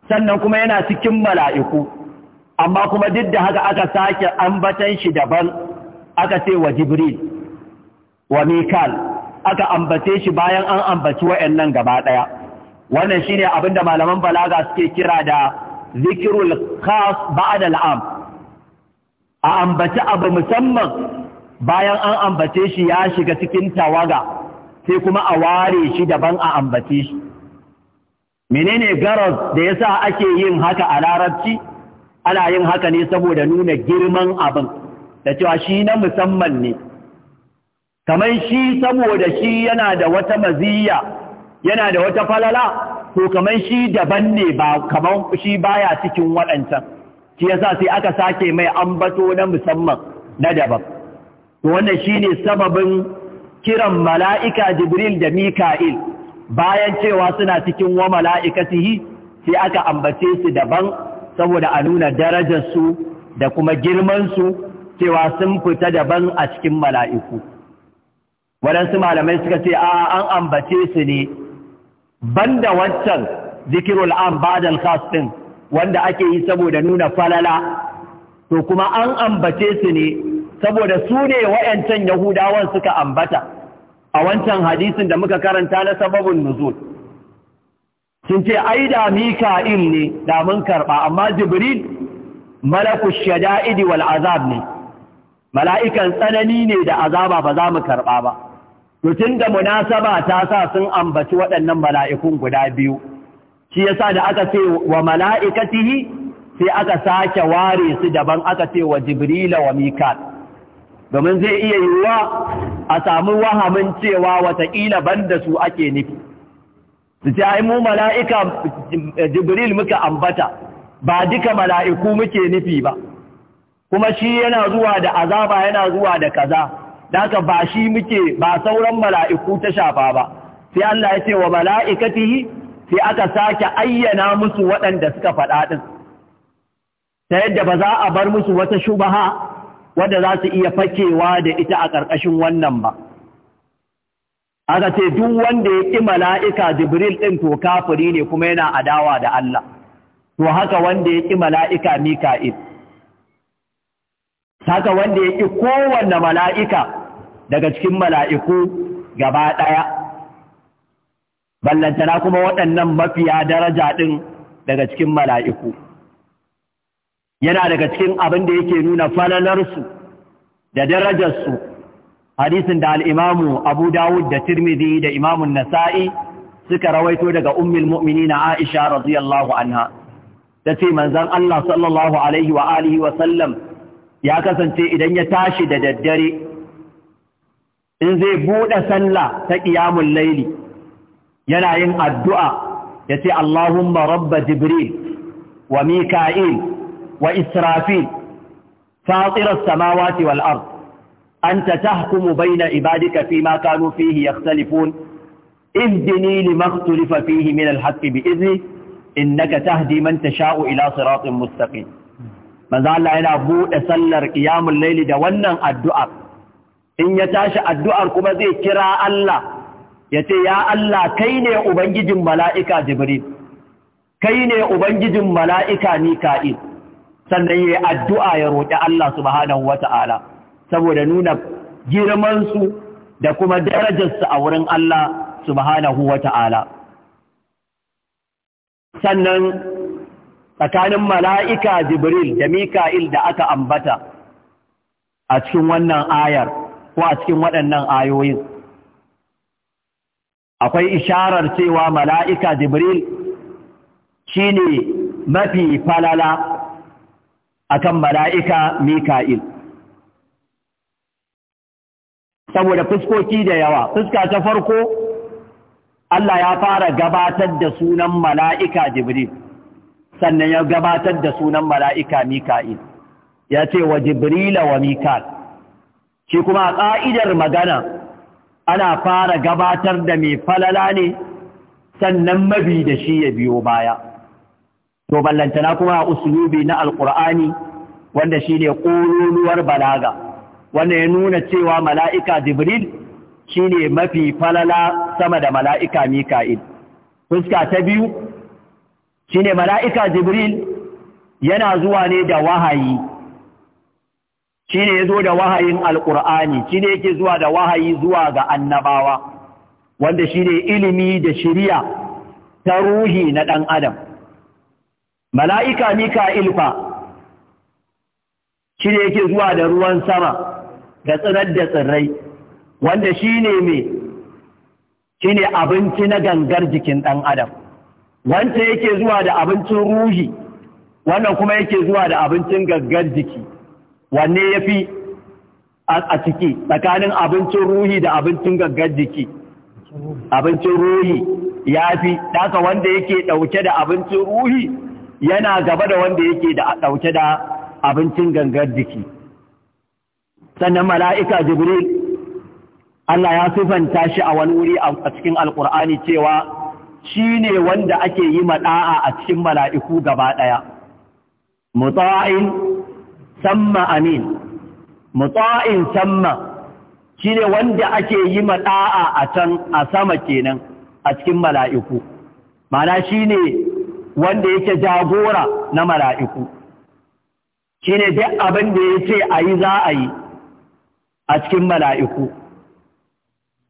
sannan kuma yana cikin mala'iku amma kuma duk da haka aka sake ambatan shi daban aka ce wa jibril wa mikal aka ambace shi bayan an ambaci wa'yan nan gaba ɗaya wannan shine abinda malaman balaga suke kira da zikirul khas ba'da al'am a ambaci abu musamman bayan an ambace shi ya shiga cikin tawaga sai kuma a ware shi daban a ambace shi menene garaz da yasa ake yin haka a larabci ana yin haka ne saboda nuna girman abin da cewa shi na musamman ne kamar shi saboda shi yana da wata maziyya yana da wata falala to kamar shi daban ne ba kamar shi baya cikin waɗancan shi yasa sai aka sake mai ambato na musamman na daban to wannan shine sababin kiran mala'ika Jibril da Mika'il bayan cewa suna cikin wa mala'ikatihi sai aka ambace su daban saboda a nuna darajarsu da kuma girmansu cewa sun fita daban a cikin mala'iku. Waɗansu malamai suka ce, "A, an ambace su ne banda wancan zikirul an badal khas wanda ake yi saboda nuna falala to kuma an ambace su ne saboda su ne wayancan yahudawan suka ambata a wancan hadisin da muka karanta na sababin nuzul sun ce ai da mika'il ne da mun karba amma jibril malaku shada'idi wal azab ne mala'ikan tsanani ne da azaba ba za mu karba ba Tutun da munasaba ta sa sun ambaci waɗannan mala'ikun guda biyu, shi yasa da aka ce wa mala'ikatihi sai aka sake ware su daban aka ce wa Jibrila wa Mikal. Domin zai iya yiwuwa a samu wahamin cewa wataƙila ban su ake nufi. Su ce, mu mala'ika Jibril muka ambata, ba duka mala'iku muke nufi ba, kuma shi yana zuwa da azaba yana zuwa da kaza. da ba shi muke ba sauran mala'iku ta shafa ba sai Allah ya ce wa yi sai aka sake ayyana musu waɗanda suka faɗa ta yadda ba za a bar musu wata shubaha wadda za su iya fakewa da ita a ƙarƙashin wannan ba aka ce duk wanda ya ƙi mala'ika jibril ɗin to kafiri ne kuma yana adawa da Allah to haka wanda ya ƙi mala'ika mika'il haka wanda ya ƙi kowanne mala'ika daga cikin mala'iku gaba ɗaya ballantana kuma waɗannan mafiya daraja ɗin daga cikin mala'iku yana daga cikin abin da yake nuna falalarsu da darajarsu hadisin da al'imamu abu dawud da tirmidhi da imamun nasa'i suka rawaito daga ummul mu'minina aisha radiyallahu anha ta ce manzan Allah sallallahu alaihi wa alihi ya kasance idan ya tashi da daddare in zai buɗe sallah ta ƙiyamun laili yana yin addu'a ya ce Allahumma rabba Jibril wa Mika'il wa Israfil fatirar samawati wal ta anta tahkumu baina ibadika fi ma kanu fihi yakhtalifun ihdini limakhtulifa fihi min alhaqqi bi izni innaka tahdi man tasha'u ila siratin mustaqim maza Allah yana buɗe sallar ƙiyamun laili da wannan addu'ar. in ya tashi addu'ar kuma zai kira Allah ya ce ya Allah kai ne ubangijin mala'ika jibril kai ne ubangijin mala'ika mika'il sannan ya yi addu'a ya roƙi Allah subhanahu ta'ala saboda nuna girmansu da kuma darajarsu a wurin Allah subhanahu ta'ala. sannan tsakanin mala'ika jibril da mika'il da aka ambata a cikin wannan ayar ko a cikin waɗannan ayoyin akwai isharar cewa mala'ika jibril shi ne mafi falala a kan mala'ika mika'il saboda fuskoki da yawa fuska ta farko Allah ya fara gabatar da sunan mala'ika jibril sannan ya gabatar da sunan mala'ika mika'il ya ce wa jibrila wa mika'il shi kuma ƙa'idar magana ana fara gabatar da mai falala ne sannan mabi da shi ya biyo baya to ballantana kuma a usulubi na alƙur'ani wanda shi ne ƙoruluwar balaga wanda ya nuna cewa mala'ika jibril shi ne mafi falala sama da mala'ika mika'il fuska ta biyu shi ne mala'ika jibril yana zuwa ne da wahayi shi ne ya zo da wahayin alƙur'ani shi ne yake zuwa da wahayi zuwa ga annabawa wanda shi ne ilimi da shiriya ta ruhi na ɗan adam mala'ika mika'il fa shi ne yake zuwa da ruwan sama da tsirar da tsirrai wanda shi ne mai shi ne abinci na gangar jikin ɗan adam wanda yake zuwa da abincin ruhi wannan kuma yake zuwa da abincin gangar jiki wanne ya fi a ciki tsakanin abincin ruhi da abincin gaggar jiki abincin ruhi ya fi ɗaka wanda yake ɗauke da abincin ruhi yana gaba da wanda yake ɗauke da abincin gangar jiki sannan mala'ika jibril Allah ya sifanta shi a wani wuri a cikin alkur'ani cewa shi ne wanda ake yi maɗa'a a cikin mala'iku gaba ɗaya mutsa'in samma amin mutsa'in samma shine wanda ake yi mada'a a can a sama kenan a cikin mala'iku mana shine wanda yake jagora na mala'iku shine duk abin da yake ayi za a yi a cikin mala'iku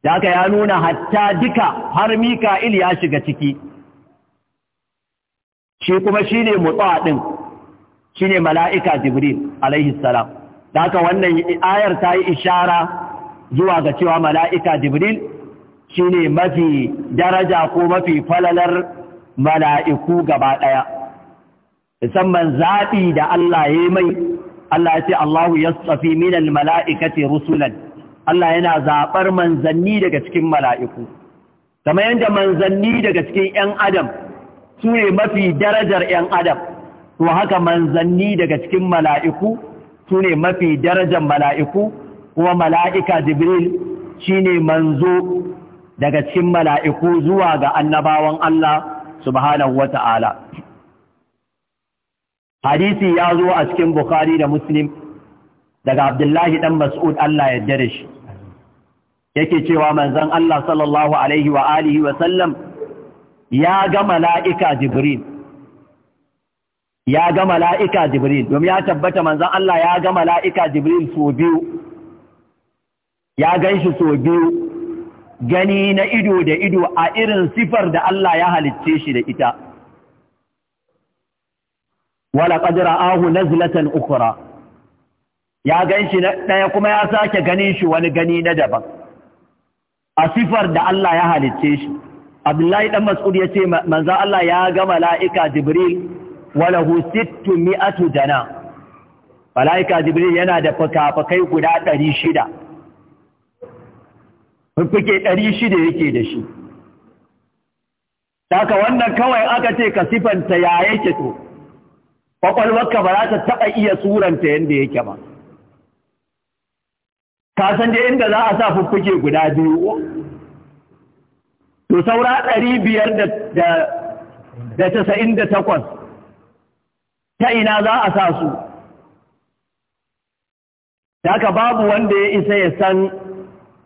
da aka ya nuna hatta duka har mika'il ya shiga ciki shi kuma shine mutsa ɗin shine mala'ika jibril alaihi salam da haka wannan ayar ta yi ishara zuwa ga cewa mala'ika jibril shine mafi daraja ko mafi falalar mala'iku gaba ɗaya musamman zaɓi da Allah ya yi mai Allah ya ce Allahu ya tsafi minal mala'ikati rusulan Allah yana zaɓar manzanni daga cikin mala'iku kamar yadda manzanni daga cikin ‘yan adam su ne mafi darajar ‘yan adam to haka manzanni daga cikin mala'iku su ne mafi darajar mala'iku kuma mala'ika jibril shi ne manzo daga cikin mala'iku zuwa ga annabawan Allah subhanahu wa ta'ala hadisi ya zo a cikin Bukhari da Muslim daga Abdullahi ɗan Mas'ud Allah ya da shi yake cewa manzan Allah sallallahu Alaihi wa alihi ya ga mala'ika Jibril ya ga mala'ika Jibril, domin ya tabbata manzan Allah ya ga mala'ika Jibril so biyu, ya gan shi so biyu, gani na ido da ido a irin sifar da Allah ya halicce shi da ita. Wala ƙadira ahu na zilatan ukura, ya gan shi ɗaya kuma ya sake ganin shi wani gani na daban, a sifar da Allah ya halicce shi. Abdullahi ɗan Mas'ud ya ce, manzan Allah ya ga mala'ika Jibril walahu sittu mi'atu jana malaika jibril yana da fuka-fukai guda ɗari shida fuffuke ɗari shida yake da shi Taka wannan kawai aka ce ka sifanta ya yake to, ƙwaƙwalwarka ba za ta taɓa iya suranta yadda yake ba. Ka san dai inda za a sa fuffuke guda biyu, to saura 500 biyar da tasa'in da takwas ta ina za a sa su haka babu wanda ya isa ya san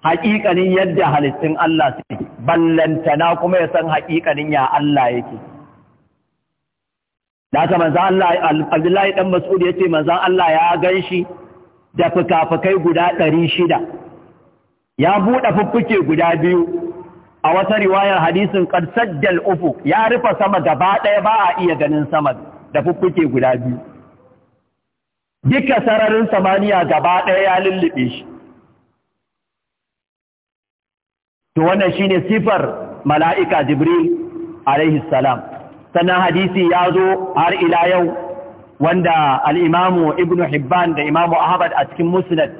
haƙiƙanin yadda halittun Allah suke ballantana kuma ya san haƙiƙanin ya Allah yake haka manzan Allah Abdullahi dan Mas'ud ce, manzan Allah ya ganshi da fukafukai guda ɗari shida. ya buɗe fuffuke guda biyu a wata riwayar hadisin ƙarsar ufu ya rufe sama gaba ɗaya ba a iya ganin sama da fuffuke guda biyu duka sararin samaniya gaba ɗaya ya lullube shi to wannan shine sifar mala'ika jibril alaihi salam sannan hadisi ya zo har ila yau wanda al'imamu ibn hibban da imamu ahmad a cikin musnad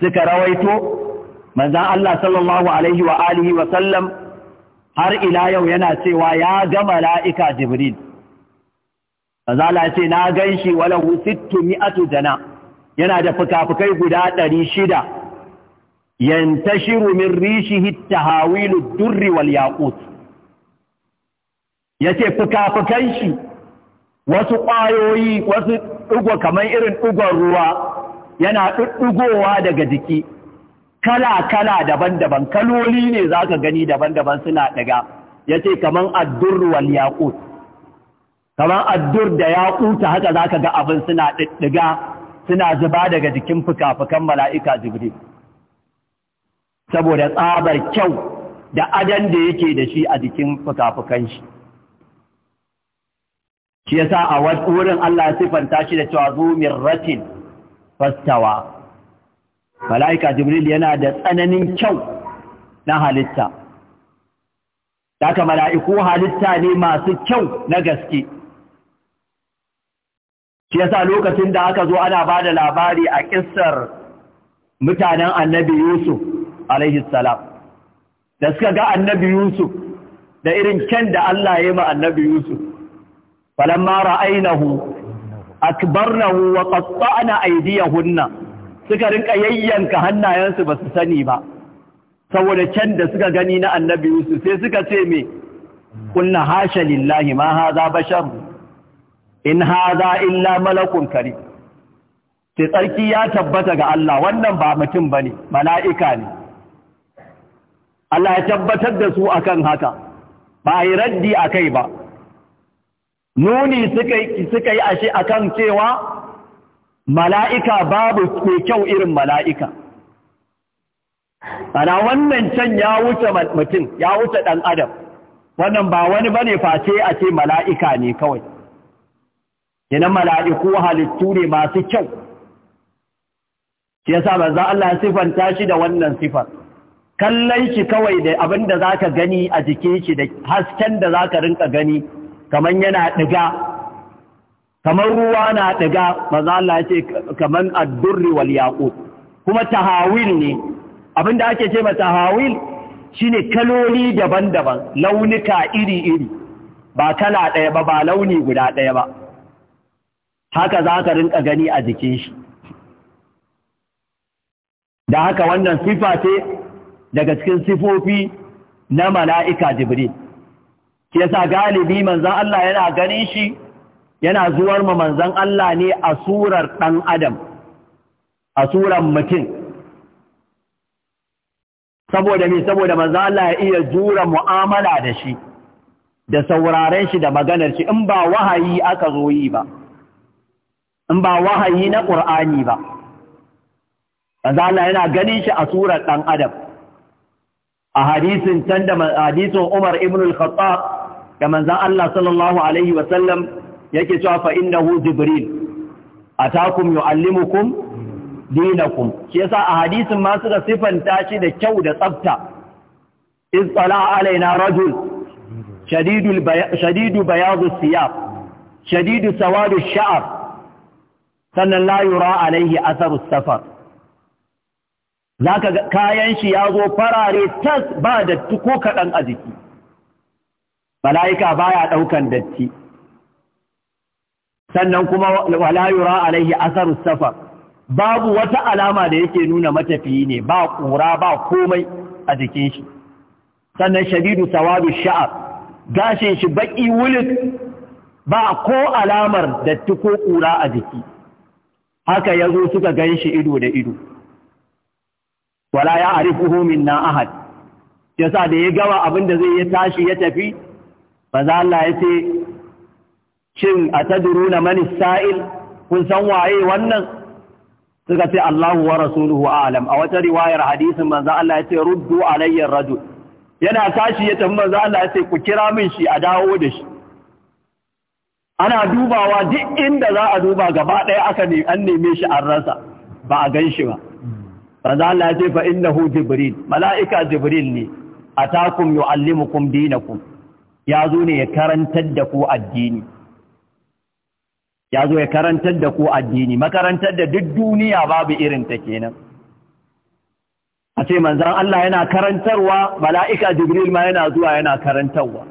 suka rawaito manzan Allah sallallahu alaihi wa'alihi wa sallam har ila yau yana cewa ya ga mala'ika jibril Azala ce na gan shi wala husittu mi'atu jana yana da fuka-fukai guda ɗari shida shiru min hita tahawilu durri wal ce yace fukafukan shi wasu ƙwayoyi wasu ɗigo kamar irin ɗigon ruwa yana ɗuɗɗugowa daga jiki kala-kala daban-daban kaloli ne za ka gani daban-daban suna ɗaga Ya ce kaman addurru wal yaƙut. kamar addur da ya kuta haka za ka ga abin suna ɗiɗɗiga suna zuba daga jikin fuka-fukan mala'ika jibril saboda tsabar kyau da adan da yake da shi a jikin fuka-fukan shi shi ya sa a wurin Allah sifanta shi da cewa zumin ratin fastawa mala'ika jibril yana da tsananin kyau na halitta daga mala'iku halitta ne masu kyau na gaske shi yasa lokacin da aka zo ana ba da labari a ƙisar mutanen annabi yusuf alaihi da suka ga annabi yusuf da irin kyan da Allah ya yi ma annabi yusuf falamma ra'ainahu akbarnahu wa qatta'na aydiyahunna suka rinka yayyanka hannayensu ba su sani ba saboda can da suka gani na annabi yusuf sai suka ce me kunna hasha lillahi ma hadha bashar in haza illa malakun kari ce tsarki ya tabbata ga Allah wannan ba mutum ba ne mala'ika ne Allah ya tabbatar da su akan haka ba yi raddi a kai ba nuni suka yi ashe kan cewa mala'ika babu mai kyau irin mala'ika ana wannan can ya wuce mutum ya wuce ɗan adam wannan ba wani ne face a ce mala'ika ne kawai kenan ko halittu ne masu kyau ba za Allah sifanta shi da wannan sifar kallon shi kawai da abin da za ka gani a jikin shi da hasken da za ka rinka gani kamar yana ɗiga, kamar ruwa na ɗiga, za Allah ce kamar addurri wal yaƙo, kuma tahawil ne abin da ake ce ma tahawil shine kaloli daban-daban launuka iri-iri ba kala ɗaya ba ba launi guda ɗaya ba haka za ka rinka gani a jikin shi da haka wannan sifa ce daga cikin sifofi na mala'ika jibril ke sa galibi manzan Allah yana ganin shi yana zuwar ma manzan Allah ne a surar ɗan adam a surar mutum saboda mai saboda manzan Allah ya iya jura mu'amala da shi da sauraren shi da maganar shi in ba wahayi aka zo yi ba in ba wahayi na ƙur'ani ba manzala yana ganin shi a surar ɗan adam a hadisin can da hadisin Umar ibn al-Khattab da manzan Allah sallallahu alaihi wa sallam yake cewa fa innahu jibril atakum yuallimukum dinakum shi yasa a hadisin ma suka sifanta shi da kyau da tsafta iz alaina rajul shadidu bayazu bayadu siyab shadidu sawadu sha'ar sannan la yura alaihi atharu safar zaka ga kayan shi ya zo farare tas ba da tuko kaɗan a jiki malaika baya ɗaukan datti sannan kuma wala yura alaihi atharu safar babu wata alama da yake nuna matafiyi ne ba kura ba komai a jikin shi sannan shadidu sawadu sha'ar gashin shi baki wulik ba ko alamar datti ko kura a jiki haka ya zo suka gan shi ido da ido wala ya arifuhu na ahad yasa da ya gama abin da zai ya tashi ya tafi za Allah ya ce shin na man sa'il kun san waye wannan suka ce Allahu wa rasuluhu a'lam a wata riwayar hadisin manzo Allah ya ce ruddu alayya rajul yana tashi ya tafi manzo Allah ya ce ku kira min shi a dawo da shi ana dubawa duk inda za a duba gaba ɗaya aka ne an neme shi an rasa ba a gan shi ba manzo Allah ya ce fa innahu jibril mala'ika jibril ne atakum yuallimukum dinakum ya zo ne ya karantar da ku addini ya zo ya karantar da ku addini makarantar da duk duniya babu irin ta kenan a ce manzon Allah yana karantarwa mala'ika jibril ma yana zuwa yana karantarwa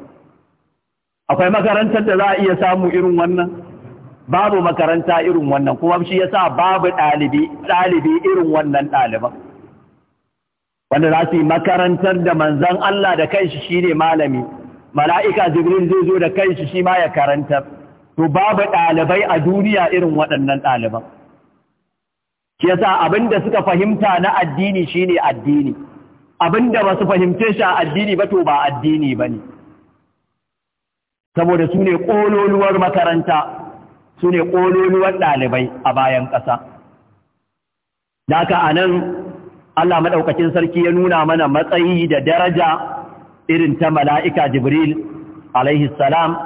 akwai makarantar da za a iya samu irin wannan babu makaranta irin wannan kuma shi yasa babu ɗalibi ɗalibi irin wannan ɗaliban wanda za su yi makarantar da manzan Allah da kanshi shine malami mala'ika jibril zai zo da kanshi shi ma ya karantar to babu ɗalibai a duniya irin waɗannan ɗaliban shi yasa abinda suka fahimta na addini shine addini abinda ba su fahimce shi a addini ba to ba addini ba ne saboda su ne ƙololuwar makaranta su ne ƙololuwar ɗalibai a bayan ƙasa da haka a nan Allah maɗaukacin sarki ya nuna mana matsayi da daraja irin ta mala'ika Jibril alaihi salam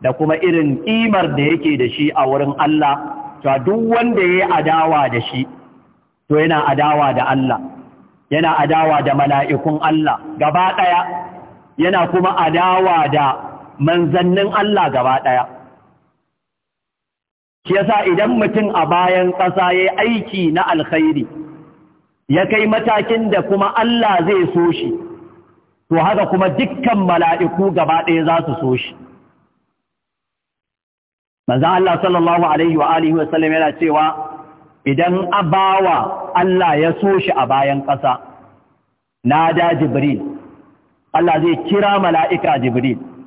da kuma irin ƙimar da yake da shi a wurin Allah, to duk wanda ya yi adawa da shi, to yana adawa da Allah, yana adawa da mala'ikun Allah gaba ɗaya, yana kuma adawa da manzannin Allah gaba ɗaya. Shi yasa idan mutum a bayan ƙasa ya aiki na alkhairi, ya kai matakin da kuma Allah zai so shi, to haka kuma dukkan mala'iku gaba ɗaya za su so shi. Manzan Allah sallallahu Alaihi wa'alihi wasallam yana cewa, Idan abawa Allah ya so shi a bayan ƙasa, na da Jibril, Allah zai kira mala'ika Jibril.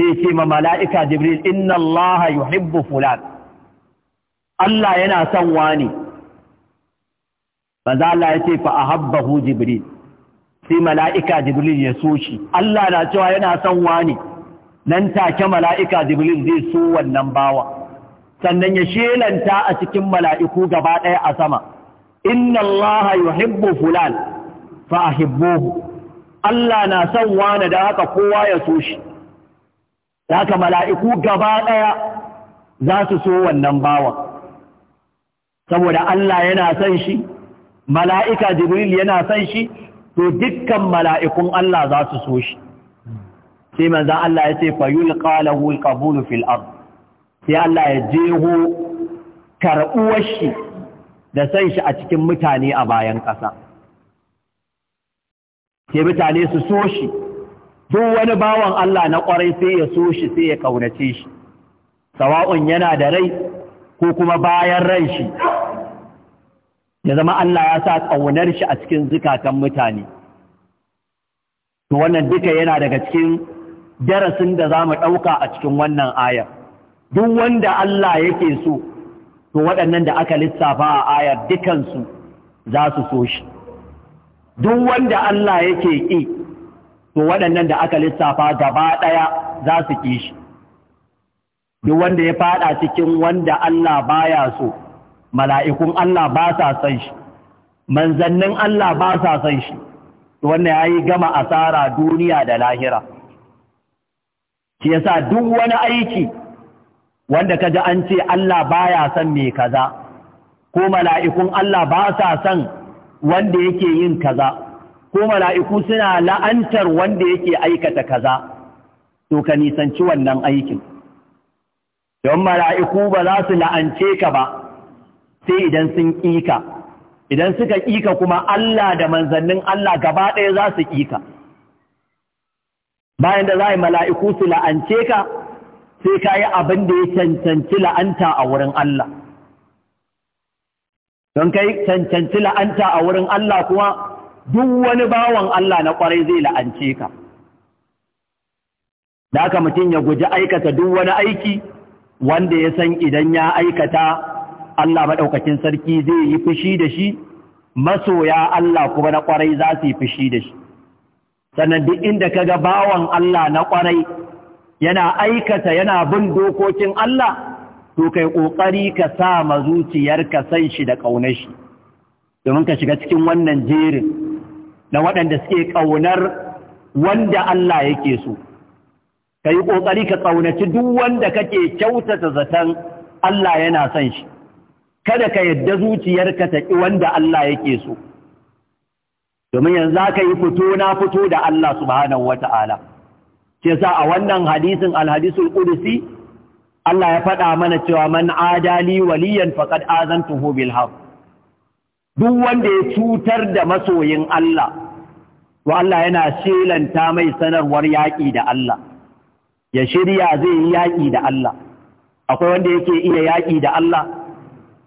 sai ce ma mala'ika jibril inna allaha yuhibbu fulan Allah yana son wani maza Allah ya ce fa ahabbahu jibril sai mala'ika jibril ya so shi Allah na cewa yana son wani nan take mala'ika jibril zai so wannan bawa sannan ya shelanta a cikin mala'iku gaba ɗaya a sama inna allaha yuhibbu fulan fa ahibbuhu Allah na son wani da haka kowa ya so shi da haka mala'iku gaba ɗaya za su so wannan bawan saboda Allah yana son shi mala'ika jibril yana son shi to dukkan mala'ikun Allah za su so shi sai manzan Allah ya ce fayul ƙalahul ƙabulu fil ab sai Allah ya jeho karɓuwar shi da san shi a cikin mutane a bayan ƙasa sai mutane su so shi duk wani bawan Allah na ƙwarai sai ya so shi sai ya ƙaunace shi sawa'un yana da rai ko kuma bayan ran shi ya zama Allah ya sa ƙaunar shi a cikin zukatan mutane to wannan duka yana daga cikin darasin da za mu ɗauka a cikin wannan ayar duk wanda Allah yake so to waɗannan da aka lissafa a ayar dukansu za su so shi duk wanda Allah yake ƙi to waɗannan da aka lissafa gaba ɗaya za su ƙi shi duk wanda ya faɗa cikin wanda Allah baya so mala'ikun Allah ba sa san shi manzannin Allah ba sa san shi wanda ya yi gama asara duniya da lahira Ki yasa duk wani aiki wanda kaji an ce Allah baya son mai kaza ko mala'ikun Allah ba sa son wanda yake yin kaza ko mala'iku suna la'antar wanda yake aikata kaza to ka nisanci wannan aikin don mala'iku ba za su la'ance ka ba sai idan sun ƙika idan suka ƙika kuma Allah da manzannin Allah gaba ɗaya za su ƙika bayan da za a yi mala'iku su la'ance ka sai ka yi abin da ya cancanci la'anta a wurin Allah don kai cancanci la'anta a wurin Allah kuma duk wani bawan Allah na ƙwarai zai la'ance ka da aka mutum ya guji aikata duk wani aiki wanda ya san idan ya aikata Allah maɗaukakin sarki zai yi fushi da shi masoya Allah kuma na ƙwarai za su yi fushi da shi sannan duk inda ka ga bawan Allah na ƙwarai yana aikata yana bin dokokin Allah to kai ƙoƙari ka sa ma ka san shi da ƙaunar shi domin ka shiga cikin wannan jerin Na waɗanda suke ƙaunar wanda Allah yake so ka yi ƙoƙari ka ƙaunaci duk wanda kake kyautata zaton Allah yana son shi kada ka yadda zuciyarka ta ƙi wanda Allah yake so domin yanzu za ka yi fito na fito da Allah subhanahu wa ta'ala Ke sa a wannan hadisin alhadisul ƙudusi Allah ya faɗa mana cewa man adali waliyan faƙad azantuhu bil haqq duk wanda ya cutar da masoyin Allah to Allah yana shelanta mai sanarwar yaƙi da Allah ya shirya zai yi yaƙi da Allah akwai wanda yake iya yaƙi da Allah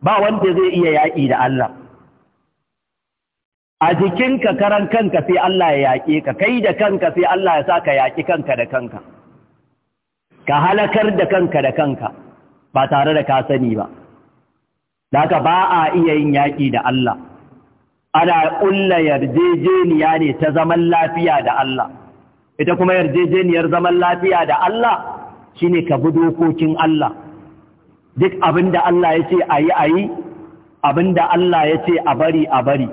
ba wanda zai iya yaƙi da Allah a jikinka karan kanka sai Allah ya yaƙe ka kai da kanka sai Allah ya sa ka yaƙi kanka da kanka ka halakar da kanka da kanka ba tare da ka sani ba daga ba a iya yin yaƙi da Allah ana ƙulla yarjejeniya ne ta zaman lafiya da Allah ita kuma yarjejeniyar zaman lafiya da Allah shine ka bi dokokin Allah duk abin da Allah ya ce a yi a yi abin da Allah ya ce a bari a bari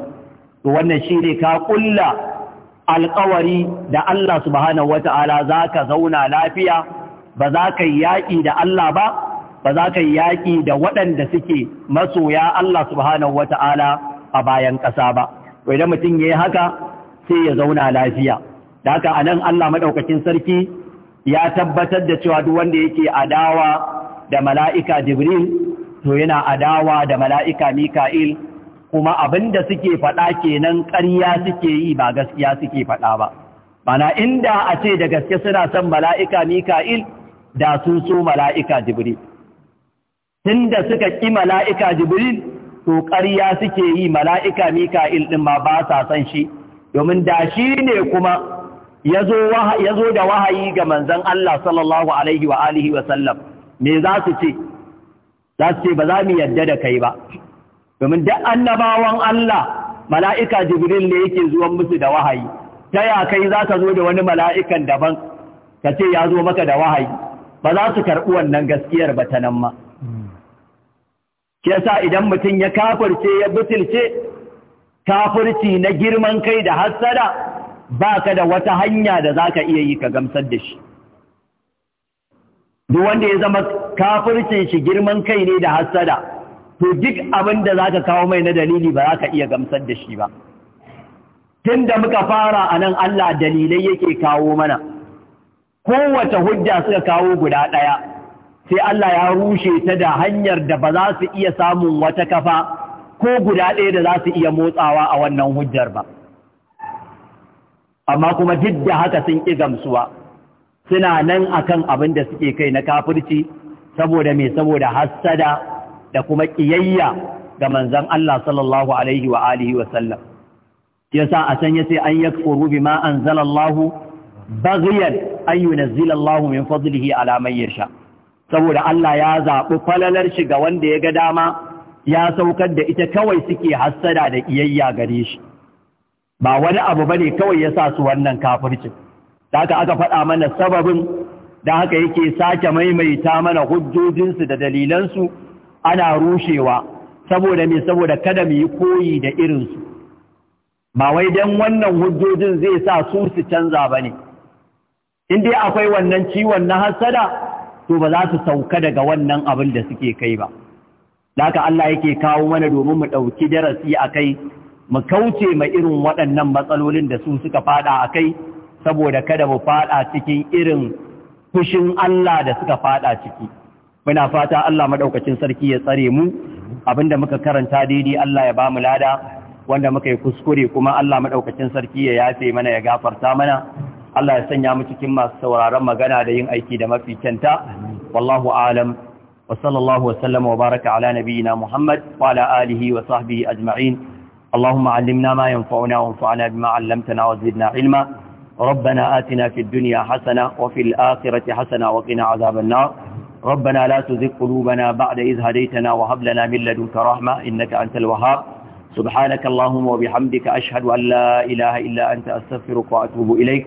to wannan shi ne ka ƙulla alƙawari da Allah subhanahu wata'ala za ka zauna lafiya ba za ka yi yaƙi da Allah ba ba za ka yi yaƙi da waɗanda suke masoya Allah subhanahu wa ta'ala a bayan ƙasa ba, wai da mutum ya yi haka sai ya zauna lafiya. Da haka a nan Allah maɗaukacin sarki ya tabbatar da cewa duk wanda yake adawa da mala'ika Jibril, to yana adawa da mala'ika Mika'il, kuma abin da suke faɗa kenan ƙarya suke yi ba gaskiya suke faɗa ba. Bana inda a ce da gaske suna son mala'ika Mika'il da sun so mala'ika Jibril. tun da suka ƙi mala'ika Jibril, to ƙarya suke yi mala'ika Mika'il ɗin ma ba sa san shi, domin da shi ne kuma ya zo da wahayi ga manzan Allah sallallahu Alaihi wa alihi me za su ce, za su ce ba za mu yadda da kai ba, domin duk annabawan Allah mala'ika Jibril ne yake zuwan musu da wahayi, ta ya kai za ka zo da wani mala'ikan daban, ka ce ya zo maka da wahayi, ba za su karɓi wannan gaskiyar ba ta nan ma. ke idan mutum ya kafirce ya butulce kafirci na girman kai da hassada ba ka da wata hanya da za ka iya yi ka gamsar da shi duk wanda ya zama kafircin shi girman kai ne da hassada to duk abin da za ka kawo mai na dalili ba za ka iya gamsar da shi ba tun da muka fara a nan Allah dalilai yake kawo mana kowace hujja suka kawo guda ɗaya sai Allah ya rushe ta da hanyar da ba za su iya samun wata kafa ko guda ɗaya da za su iya motsawa a wannan hujjar ba amma kuma duk da haka sun ƙi gamsuwa suna nan akan abin da suke kai na kafirci saboda mai saboda hassada da kuma ƙiyayya ga manzan Allah sallallahu alaihi wa alihi wa sallam yasa a can yace an yakfuru bima anzalallahu baghiyan an yunzila Allahu min fadlihi alamai man sha. saboda Allah ya zaɓi falalar shi ga wanda ya ga dama ya saukar da ita kawai suke hassada da iyayya gare shi ba wani abu bane kawai ya sa su wannan kafircin da haka aka faɗa mana sababin da haka yake sake maimaita mana hujjojinsu da dalilansu ana rushewa saboda me saboda kada mu yi koyi da irinsu ba wai don wannan hujjojin zai sa su su canza ba ne in dai akwai wannan ciwon na hassada to ba za su sauka daga wannan abin da suke kai ba haka Allah yake kawo mana domin mu ɗauki darasi a kai mu kauce ma irin waɗannan matsalolin da su suka faɗa a kai saboda kada mu faɗa cikin irin fushin Allah da suka faɗa ciki muna fata Allah maɗaukacin sarki ya tsare mu abin da muka karanta daidai Allah ya ba mu lada wanda muka yi kuskure kuma Allah maɗaukacin sarki ya yafe mana ya gafarta mana Allah ya sanya mu cikin masu sauraron magana da yin aiki da mafi kyanta wallahu alam wa wa baraka ala nabiyyina Muhammad wa ala alihi wa sahbihi ajma'in Allahumma allimna ma yanfa'una wa anfa'na bima 'allamtana wa zidna ilma rabbana atina fid dunya hasana wa fil akhirati hasana wa qina adhaban nar rabbana la tuzigh qulubana ba'da idh hadaytana wa hab lana min ladunka rahma innaka antal wahhab سبحانك اللهم وبحمدك أشهد أن لا إله إلا أنت أستغفرك وأتوب إليك